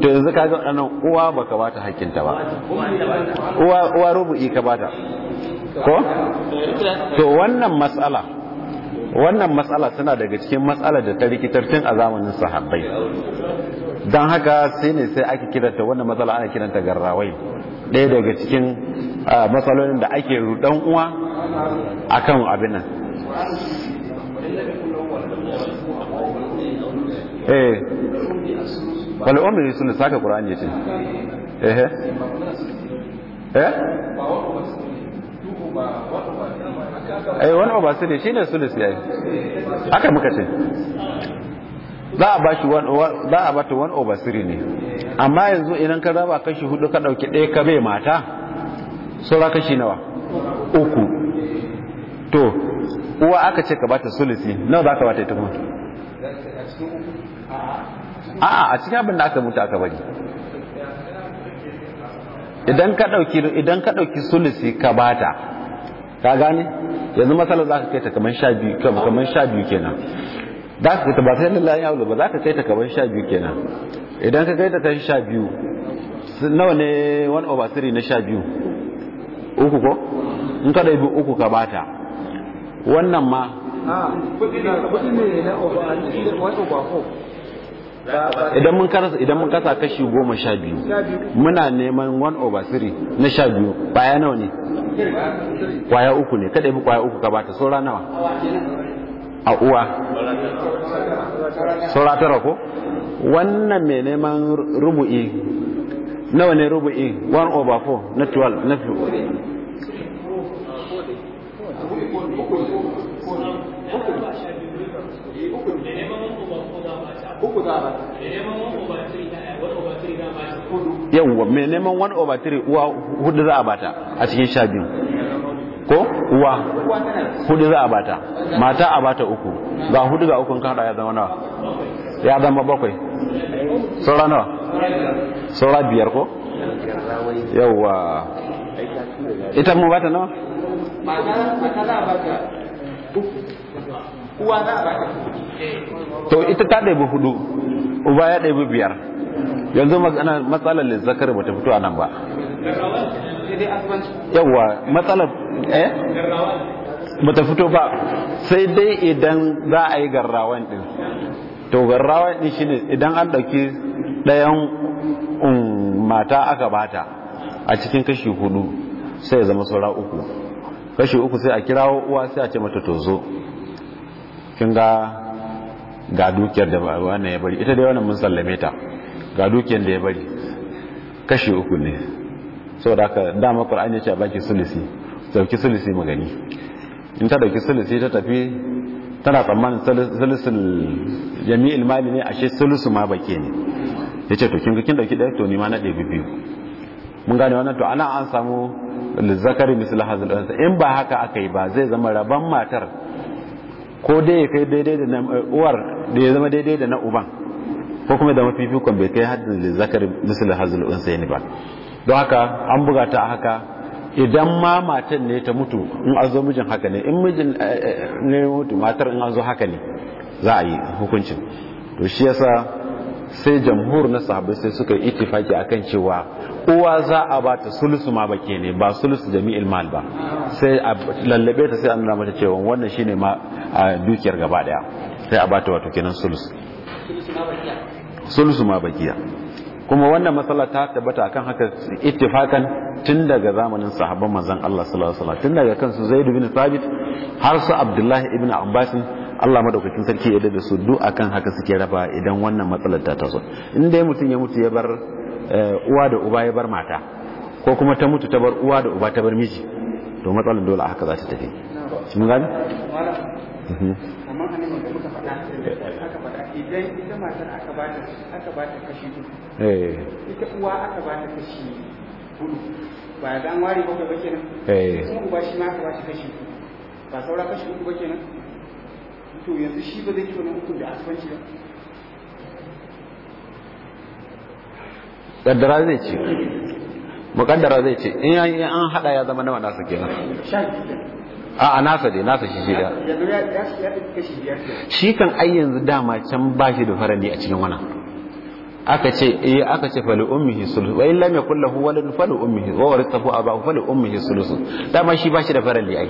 to yanzu ka ga nan uwa baka bata ta ba uwa uwa rubu'i ka bata ko to wannan matsala wannan matsala suna daga cikin matsala da ta rikitar tun a zamanin sahabbai don haka sai ne sai ake kiranta wannan matsala ana kiranta garrawai ɗaya daga cikin matsalolin da ake rudan uwa a abin nan eh wal umri suna saka qur'ani yace eh eh eh, eh wani obasiri shi ne sulis ya yi muka ce za a bashi za a bata 1 over 3 ne amma yanzu idan ka raba kashi hudu ka dauki ɗaya ka bai mata saura kashi nawa uku to uwa aka ce ka bata sulisi nawa za ka bata ita kuma a'a a cikin abin da aka mutu aka bari idan ka dauki idan ka dauki sulisi ka bata ka gane yanzu matsalar za ka kai ta kamar sha biyu kenan da ka ta ba sai lallahi ya ba za ka kai ta kamar sha biyu kenan idan ka kai ta kai sha biyu nawa ne 1 over 3 na sha biyu uku ko in ka ɗaibi uku ka bata wannan ma a ah, kudi kudi na na ne over idan mun kasa idan mun kasa kashi goma sha biyu muna neman 1 over 3 na sha biyu kwaya nawa ne kwaya uku ne kada bi kwaya uku ka bata saura nawa a uwa saura tara ko wannan mai neman rubu'i nawa ne rubu'i 1 4 na 12 na yawwa mai neman 1 3 uwa hudu za a bata a cikin sha biyu ko uwa hudu za a bata mata a bata uku ga hudu ga uku kan ya zama nawa ya zama bakwai saura nawa saura biyar ko yauwa ita mu bata nawa mata za a bata uku za a bata to ita ta ɗaibi hudu uba ya ɗaibi biyar yanzu matsalar lizzakar ba ta fito a nan ba yauwa matsalar eh bata fito ba sai dai idan za a yi garrawan din to garrawan din shine idan an dauki dayan um, mata aka bata a cikin kashi hudu sai ya zama saura uku kashi uku sai a kirawo uwa sai a ce mata to zo kin ga ga dukiyar da wannan ya bari ita dai wannan mun sallame ta ga dukiyar da ya bari kashi uku ne saboda haka dama Qur'ani ya ce a baki sulusi dauki silisi mu gani in ta dauki silisi ta tafi tana tsammanin silisul jami'il mali ne ashe silisu ma bake ne yace to kin ga kin dauki daya to ni ma na ɗebi biyu mun gane wannan to ana an samu lizzakari misal hazil unsa in ba haka aka yi ba zai zama rabon matar ko dai ya kai daidai da na uwar da ya zama daidai da na uban ko kuma da mafifikon bai kai haddin lizzakari misal hazil unsa ni ba don haka an buga ta haka idan ma matan ne ta mutu in an zo mijin haka ne in mijin eh, eh, ne mutu matar in an zo haka ne za a yi hukuncin to shi yasa sai jamhur na sahabbai sai suka yi ittifaki akan cewa uwa za a ba ta sulusu ma bake ne ba sulusu jami'il mal ba sai a lallabe ta sai an nuna mata cewa wannan shine ma dukiyar gaba daya sai a ba ta wato kenan sulusu sulusu ma bakiya kuma wannan matsala ta tabbata akan haka ittifakan tun daga zamanin sahabban manzon Allah sallallahu alaihi wasallam tun daga kansu Zaid ibn Thabit har su Abdullah ibn Abbas Allah madaukakin sarki ya dade su du akan haka suke raba idan wannan matsalar ta taso in dai mutum ya mutu ya bar eh, uwa da uba ya bar mata ko kuma ta mutu ta bar uwa da uba ta bar miji to matsalar dole haka za ta tafi shi gani kamar hannun da muka faɗa haka faɗa idan ita matar aka ba ta kashi Eh. ita uwa aka ba ta kashi hudu ba ya an ware bakwai ba kenan eh. kuma uba shi ma aka ba shi kashi ba saura kashi uku ba kenan to yanzu shi ba zai ci wani uku da asubanci ba kaddara zai ce mukaddara zai ce in an hada ya zama nawa nasa kenan a a nasa dai nasa shi shida shi kan ai yanzu dama can ba shi da farali a cikin wannan aka ce eh aka ce fali ummihi sulus wa illam yakul lahu walad fali ummihi wa warithahu abahu fali ummihi sulus dama shi bashi da farali ai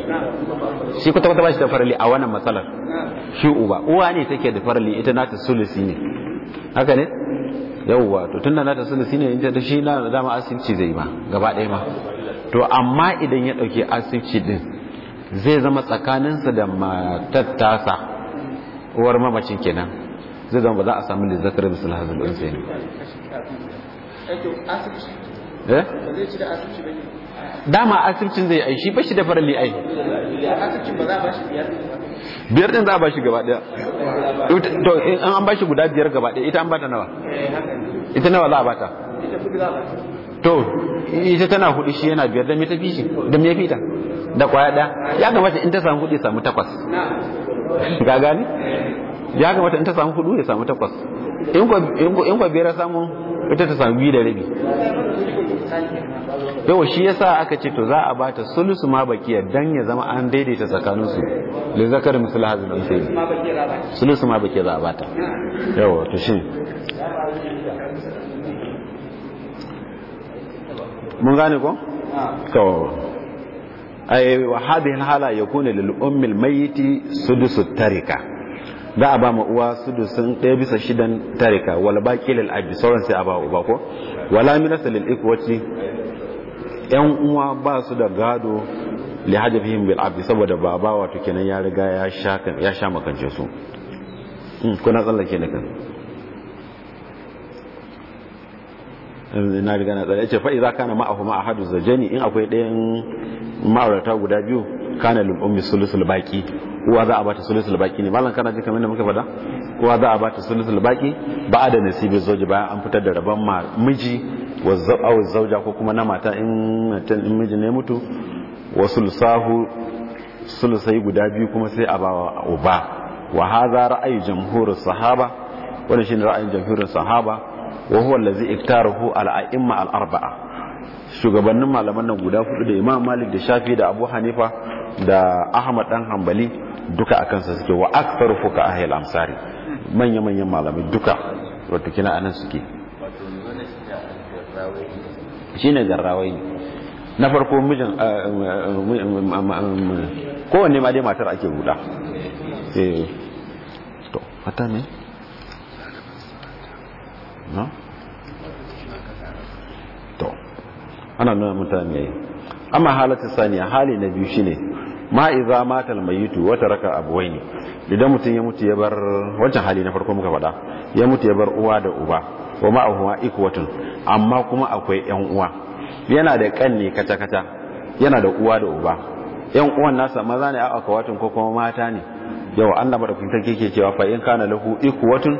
shi kuta kuta bashi da farali a wannan matsalar shi uba uwa ne take da farali ita nata sulusi ne haka ne yawwa to tunda nata sulusi ne ita da shi na dama asibci zai ma gaba ɗaya ma to amma idan ya ɗauki asibci din zai zama tsakaninsa da matar tasa uwar mamacin kenan zai zama ba za a samu lizzakar bisul hazil unsa ne eh dama asibcin zai aiki shi ba shi da farali ai biyar din za a bashi gaba ɗaya to in an bashi guda biyar gaba ɗaya ita an bata nawa ita nawa za a bata to ita tana hudu shi yana biyar da mai tafi shi da me fita da kwaya ɗaya? ya kamata in ta samu hudu samu takwas ga gani ya kamata in ta samu hudu ya samu takwas in kwa biyar samu ita ta samu biyu da rabi yau shi ya sa aka ce to za a ba ta sulusu ma bakiya dan ya zama an daidaita tsakaninsu da zakar misali hazin amsali sulusu ma bakiya za a ba ta yau to shi mun gane ko? a yi wa hadhihi hala yakunu lil ummi al mayyiti su tarika za a ba ma uwa dusun ɗaya bisa shidan tarika ba ke lil abi sauran sai a ba uba ko wala minasa lil ikwati yan uwa ba su da gado li hajabihim bil abdi saboda ba wato kenan ya riga ya sha ya makance su hmm, kuna tsallake ne kan na riga na tsaye ce fa idza kana ma'ahu ma ahadu zajani in akwai ɗayan ma'aurata guda biyu kana lil ummi sulusul baqi uwa za a bata sulusul baqi ne mallan kana ji kamar da muka faɗa uwa za a bata sulusul baqi ba da nasibi zoji bayan an fitar da rabon miji wa zauja ko kuma na mata in miji ne mutu wa sulsahu sulusai guda biyu kuma sai a ba uba wa hadha ra'ayi jamhurin sahaba wannan shine ra'ayin jamhurin sahaba wa huwa allazi iktarahu al-a'imma al-arba'a shugabannin malaman nan guda hudu da imam malik da shafi da abu hanifa da ahmad dan hanbali duka a kansa suke wa akthar fuka ahil amsari manya manyan malamai duka wato kina anan suke shine garrawai na farko mijin eh, eh, kowanne ma dai matar ake guda eh, to fata ne no to ana nuna mutane amma halatta saniya hali na biyu shine ma iza mata almayitu wa taraka abwaini idan mutum ya mutu ya bar wancan hali na farko muka faɗa ya mutu ya bar uwa da uba wa ma'ahuwa ikwatun amma kuma akwai ƴan uwa yana da kanne kata kata yana da uwa da uba ƴan uwan nasa maza ne a akawatun ko kuma mata ne yau Allah madaukakin sarki ke cewa fa in kana lahu ikwatun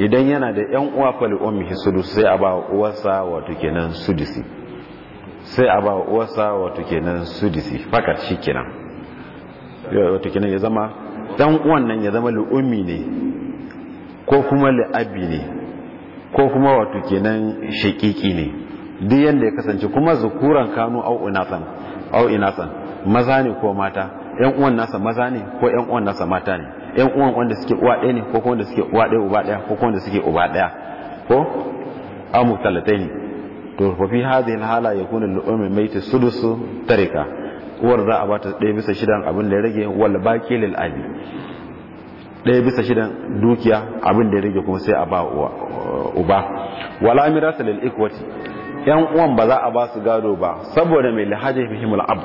idan yana da yan uwa fa li ummihi sudus sai a ba uwarsa wato kenan sudisi sai a ba uwarsa wato kenan sudisi fakat shikenan watakila ya zama dan uwan nan ya zama lu'umi ne ko kuma li'abi ne ko kuma wato kenan shakiki ne duk yanda ya kasance kuma zukuran kanu au inasan au inasan maza ne ko mata yan uwan nasa maza ne ko yan uwan nasa mata ne yan uwan wanda suke uwa ɗaya ne ko kuma wanda suke uwa ɗaya uba ɗaya ko kuma wanda suke uba ɗaya ko amu talatai ne to fa fi hadhihi al-hala yakunu al-ummi mayt sudusu tarika uwar za a ba ta ɗaya bisa shidan abin da ya rage wal ba lil abi ɗaya bisa shidan dukiya abin da ya rage kuma sai a ba uh, uba wala mirasa lil ikwati yan uwan ba za a ba su gado ba saboda mai lahaji fihimul ab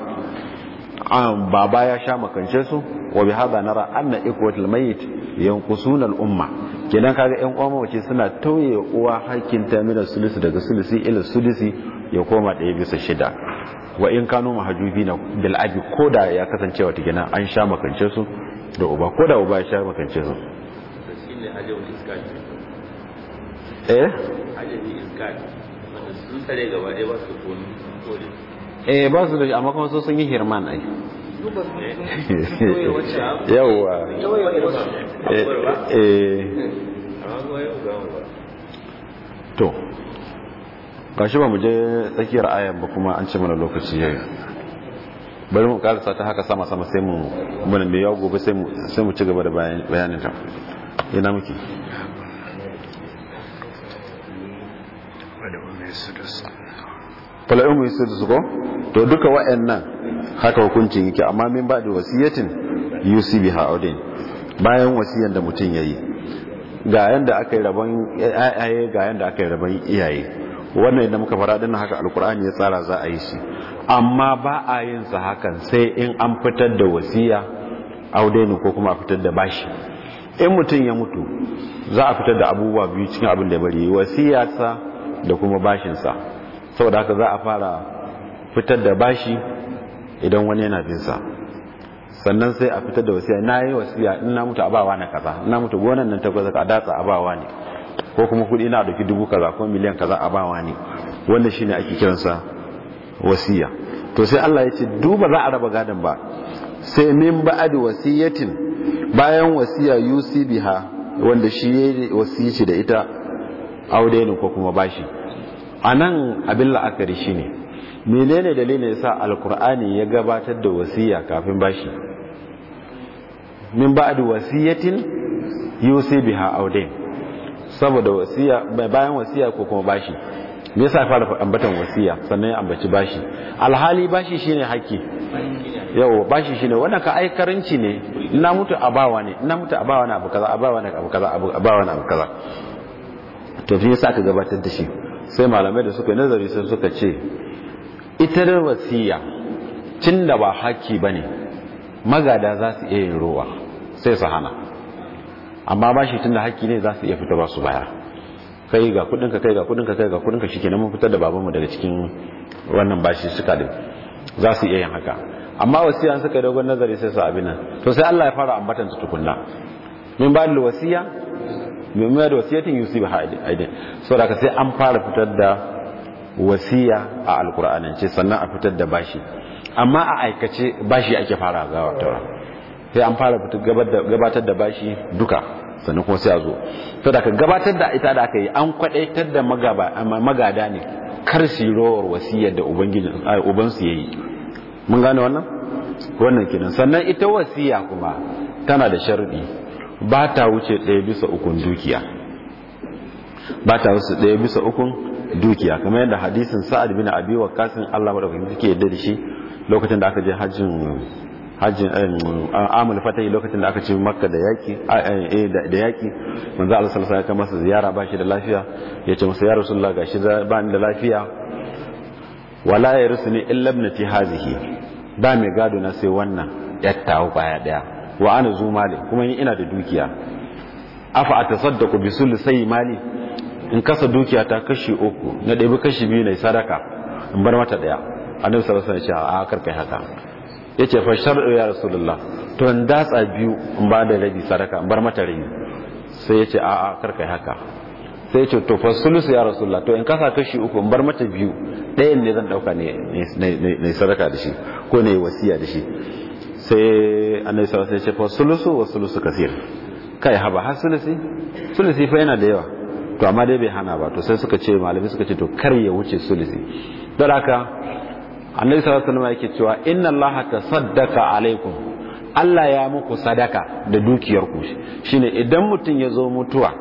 baba ya sha makance su wa bi hada nara anna ikwatul mayyit yanqusun al umma kidan kaga yan uwan mace suna tauye uwa hakkin ta mira sulusi daga sulusi ila sulusi ya koma ɗaya bisa shida wa in kanu na bil ko da ya kasance wata gina an sha makance su da uba ko da uba ya sha makance su eh? eh ba su da amma kuma so sun yi hirman ai yawa eh, eh, eh. to gashi ba mu je tsakiyar ayan ba kuma an ce mana lokaci yayi bari mu karasa ta haka sama sama sai mu bane mai yau gobe sai mu ci gaba da bayanin ta ina muke fala umu su ko to duka nan haka hukuncin yake amma min ba da wasiyatin yusi biha bayan wasiyyar da mutum ya yi ga yanda aka yi rabon iyaye wannan yadda muka fara dinnan haka alkur'ani ya tsara za a yi shi amma ba a yin sa hakan sai in an fitar da wasiya audainu ko kuma a fitar da bashi in mutum ya mutu za a fitar da abubuwa biyu cikin abin da bari wasiyarsa da kuma bashinsa saboda haka za a fara fitar da bashi idan wani yana bin sa sannan sai a fitar da wasiya na yi wasiya in na mutu a na kaza in na mutu gonan nan ta gwaza a datsa a bawa ne ko kuma kuɗi na dauki dubu kaza ko miliyan kaza a bawa ne wannan shine ake kiransa wasiya to sai Allah ya ce duba za a raba gadon ba sai min ba'ad wasiyatin bayan wasiya yusi biha wanda shi ya wasiyaci da ita audainin ko kuma bashi anan abin la'akari shine menene dalilin yasa alkur'ani ya gabatar da wasiya kafin bashi min ba'ad wasiyatin yusi biha audain saboda wasiya bayan wasiya ko kuma bashi me yasa fara ambatan wasiya sannan ya ambaci bashi alhali bashi shine haƙƙi yau bashi shine wannan ka ai karanci ne na mutu abawa ne na mutu abawa na abu kaza abawa na abu kaza abawa na abu kaza to fi yasa ka gabatar da shi sai malamai da suka nazari sun suka ce ita da wasiya tun da ba haƙƙi bane magada za su iya yin ruwa sai su hana amma ba shi tunda haƙƙi ne za su iya ba su baya. kai ga kudin ka kai ga kudin ka kai ga kudin ka kenan mun fitar da babanmu daga cikin wannan bashi suka da za su iya yin haka amma wasiya an suka dogon nazari sai su abin nan to sai Allah ya fara ambatan ta tukunna min ba da wasiya min ba da tin yusi ba aidin saboda ka sai an fara fitar da wasiya a ce sannan a fitar da bashi amma a aikace bashi ake fara gawa tauraro sai an fara gabatar da bashi duka sannan kuma sai a zo to da ka gabatar da ita da aka yi an kwadaitar da magada ne kar su yi rowar wasiyar da eh, ubansu ya yi mun gane wannan wannan kinan sannan ita wasiya kuma tana da sharɗi ba ta wuce ɗaya bisa ukun dukiya ba ta wuce ɗaya bisa ukun dukiya kamar yadda hadisin sa'ad bin abi kasin Allah madaukakin take yadda da shi lokacin da aka je hajjin hajjin eh, amul fatahi lokacin da aka ce makka da yaki eh, eh, da yaki manzo Allah sallallahu alaihi masa ziyara ba shi da lafiya ya ce masa ya rasulullah gashi ba ni da lafiya wala yarsuni illa ibnati hazihi ba mai gado na sai wannan yattawo baya daya wa ana zu mali kuma ni ina da dukiya afa atasaddaqu bi sulusai mali in kasa dukiya ta kashi uku na ɗaya kashi biyu ne sadaka in bar mata daya annabi sallallahu alaihi wasallam ya ce a karkai haka ya ce fashar ya rasulullah to in datsa biyu in ba da rabi sadaka in bar mata rini sai ya ce a karka yi haka sai ya ce to fasulus ya rasulullah to in kasa kashi uku in bar mata biyu ɗayan ne zan ɗauka ne sadaka da shi ko ne wasiya da shi sai annabi sallallahu alaihi wasallam ya ce fasulusu wasulusu kasir kai haba har sulusi sulusi fa yana da yawa to amma dai bai hana ba to sai suka ce malami suka ce to kar ya wuce sulusi don haka annabi sallallahu alaihi wasallam yake cewa inna allaha tasaddaqa alaikum Allah ya muku sadaka da dukiyarku shine idan mutum ya zo mutuwa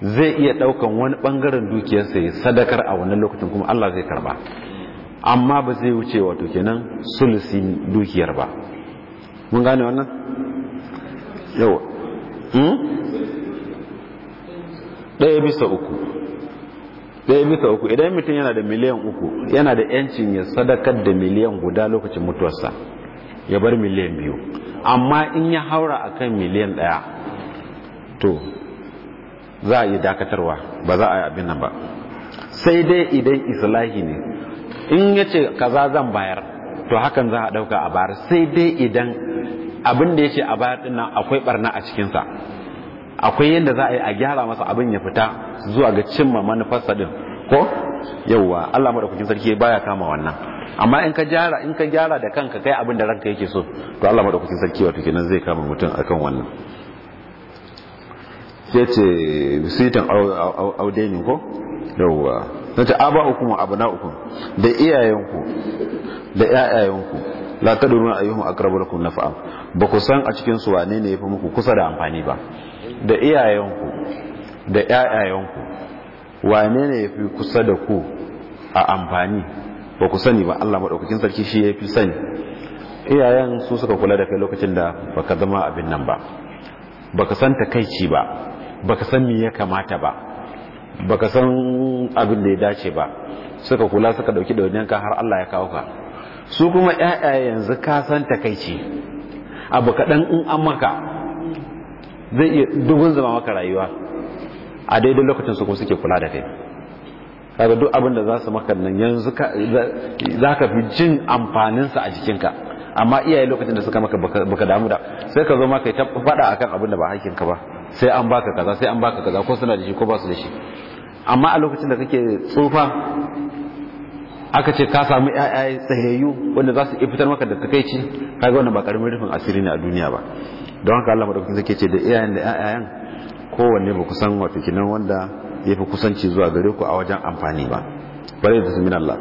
zai iya daukan wani bangaren dukiyarsa ya sadakar a wannan lokacin kuma Allah zai karba amma ba zai wuce wato kenan sulusin dukiyar ba mun gane wannan yau hmm? ɗaya bisa uku ɗaya bisa uku idan mutum yana da miliyan uku yana da yancin ya sadakar da miliyan guda lokacin mutuwarsa ya bar miliyan biyu amma in ya haura a kan miliyan ɗaya to za a yi dakatarwa ba za a yi abin nan ba sai dai idan islahi ne in ya ce kaza zan bayar to hakan za a ɗauka a bayar sai dai idan abin da ya ce a bayar ɗin akwai ɓarna a cikinsa akwai yadda za a yi a gyara masa abin ya fita zuwa ga cimma manufarsa din ko yauwa Allah madaukakin sarki baya kama wannan amma in ka gyara in ka gyara da kanka kai abin da ranka yake so to Allah madaukakin sarki wato kenan zai kama mutum akan wannan sai ce sitan audaini ko yauwa na ce aba uku mu a'buna uku da iyayenku da ƴaƴayenku la tadruna ayyuhum aqrabu lakum naf'a ba ku san a cikin su wane ne yafi muku kusa da amfani ba da iyayenku da ‘ya'yayenku wane ne ya fi kusa da ku a amfani ba ku sani ba Allah maɗaukakin sarki shi ya fi sani iyayen su suka kula da kai lokacin da ka zama abin nan ba baka san takaici ba baka san me ya kamata ba baka san abin da ya dace ba suka kula suka dauki ka har Allah ya kawo ka su kuma ƴaƴa yanzu ka san takaici abu kaɗan in an maka zai iya dubun zama maka rayuwa a daidai lokacin su kuma suke kula da kai kaga duk abin da za su maka nan yanzu za ka fi jin amfaninsa a jikinka amma iyaye lokacin da suka maka baka damu da sai ka zo maka ta faɗa akan abin da ba hakinka ba sai an baka kaza sai an baka kaza ko suna da shi ko ba su da shi amma a lokacin da kake tsufa aka ce ka samu ƴaƴa tsayayyu wanda za su iya fitar maka da takaici kaga wannan ba karamin rufin asiri ne a duniya ba don haka Allah madaukakin sarki ce da iyayen da ƴaƴan kowanne ba ku san kinan wanda ya fi kusanci zuwa gare ku a wajen amfani ba bare da sumin Allah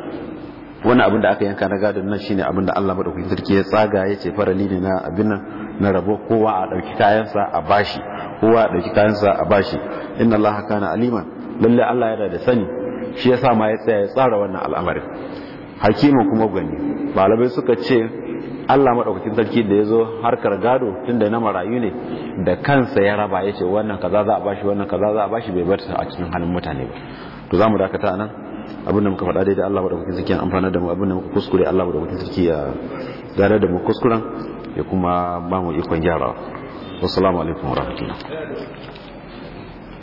wannan abin da aka yanka na gadon nan shine abin da Allah madaukakin sarki ya tsaga ya ce farali ne na abin nan na rabo kowa a dauki kayansa a bashi kowa a dauki kayansa a bashi inna Allah kana aliman lalle Allah yana da sani shi yasa ma ya tsaya ya tsara wannan al'amarin hakimin kuma gwani malabai suka ce Allah maɗaukakin sarki da ya zo harkar gado tun da na marayu ne da kansa ya raba ya ce wannan kaza za a bashi wannan kaza za a bashi bai bar a cikin hannun mutane ba to za mu dakata nan abin da muka faɗa daidai Allah maɗaukakin sarki ya amfana da mu abin da muka kuskure Allah maɗaukakin sarki ya gada da mu kuskuren ya kuma ba mu ikon gyarawa wassalamu alaikum warahmatullahi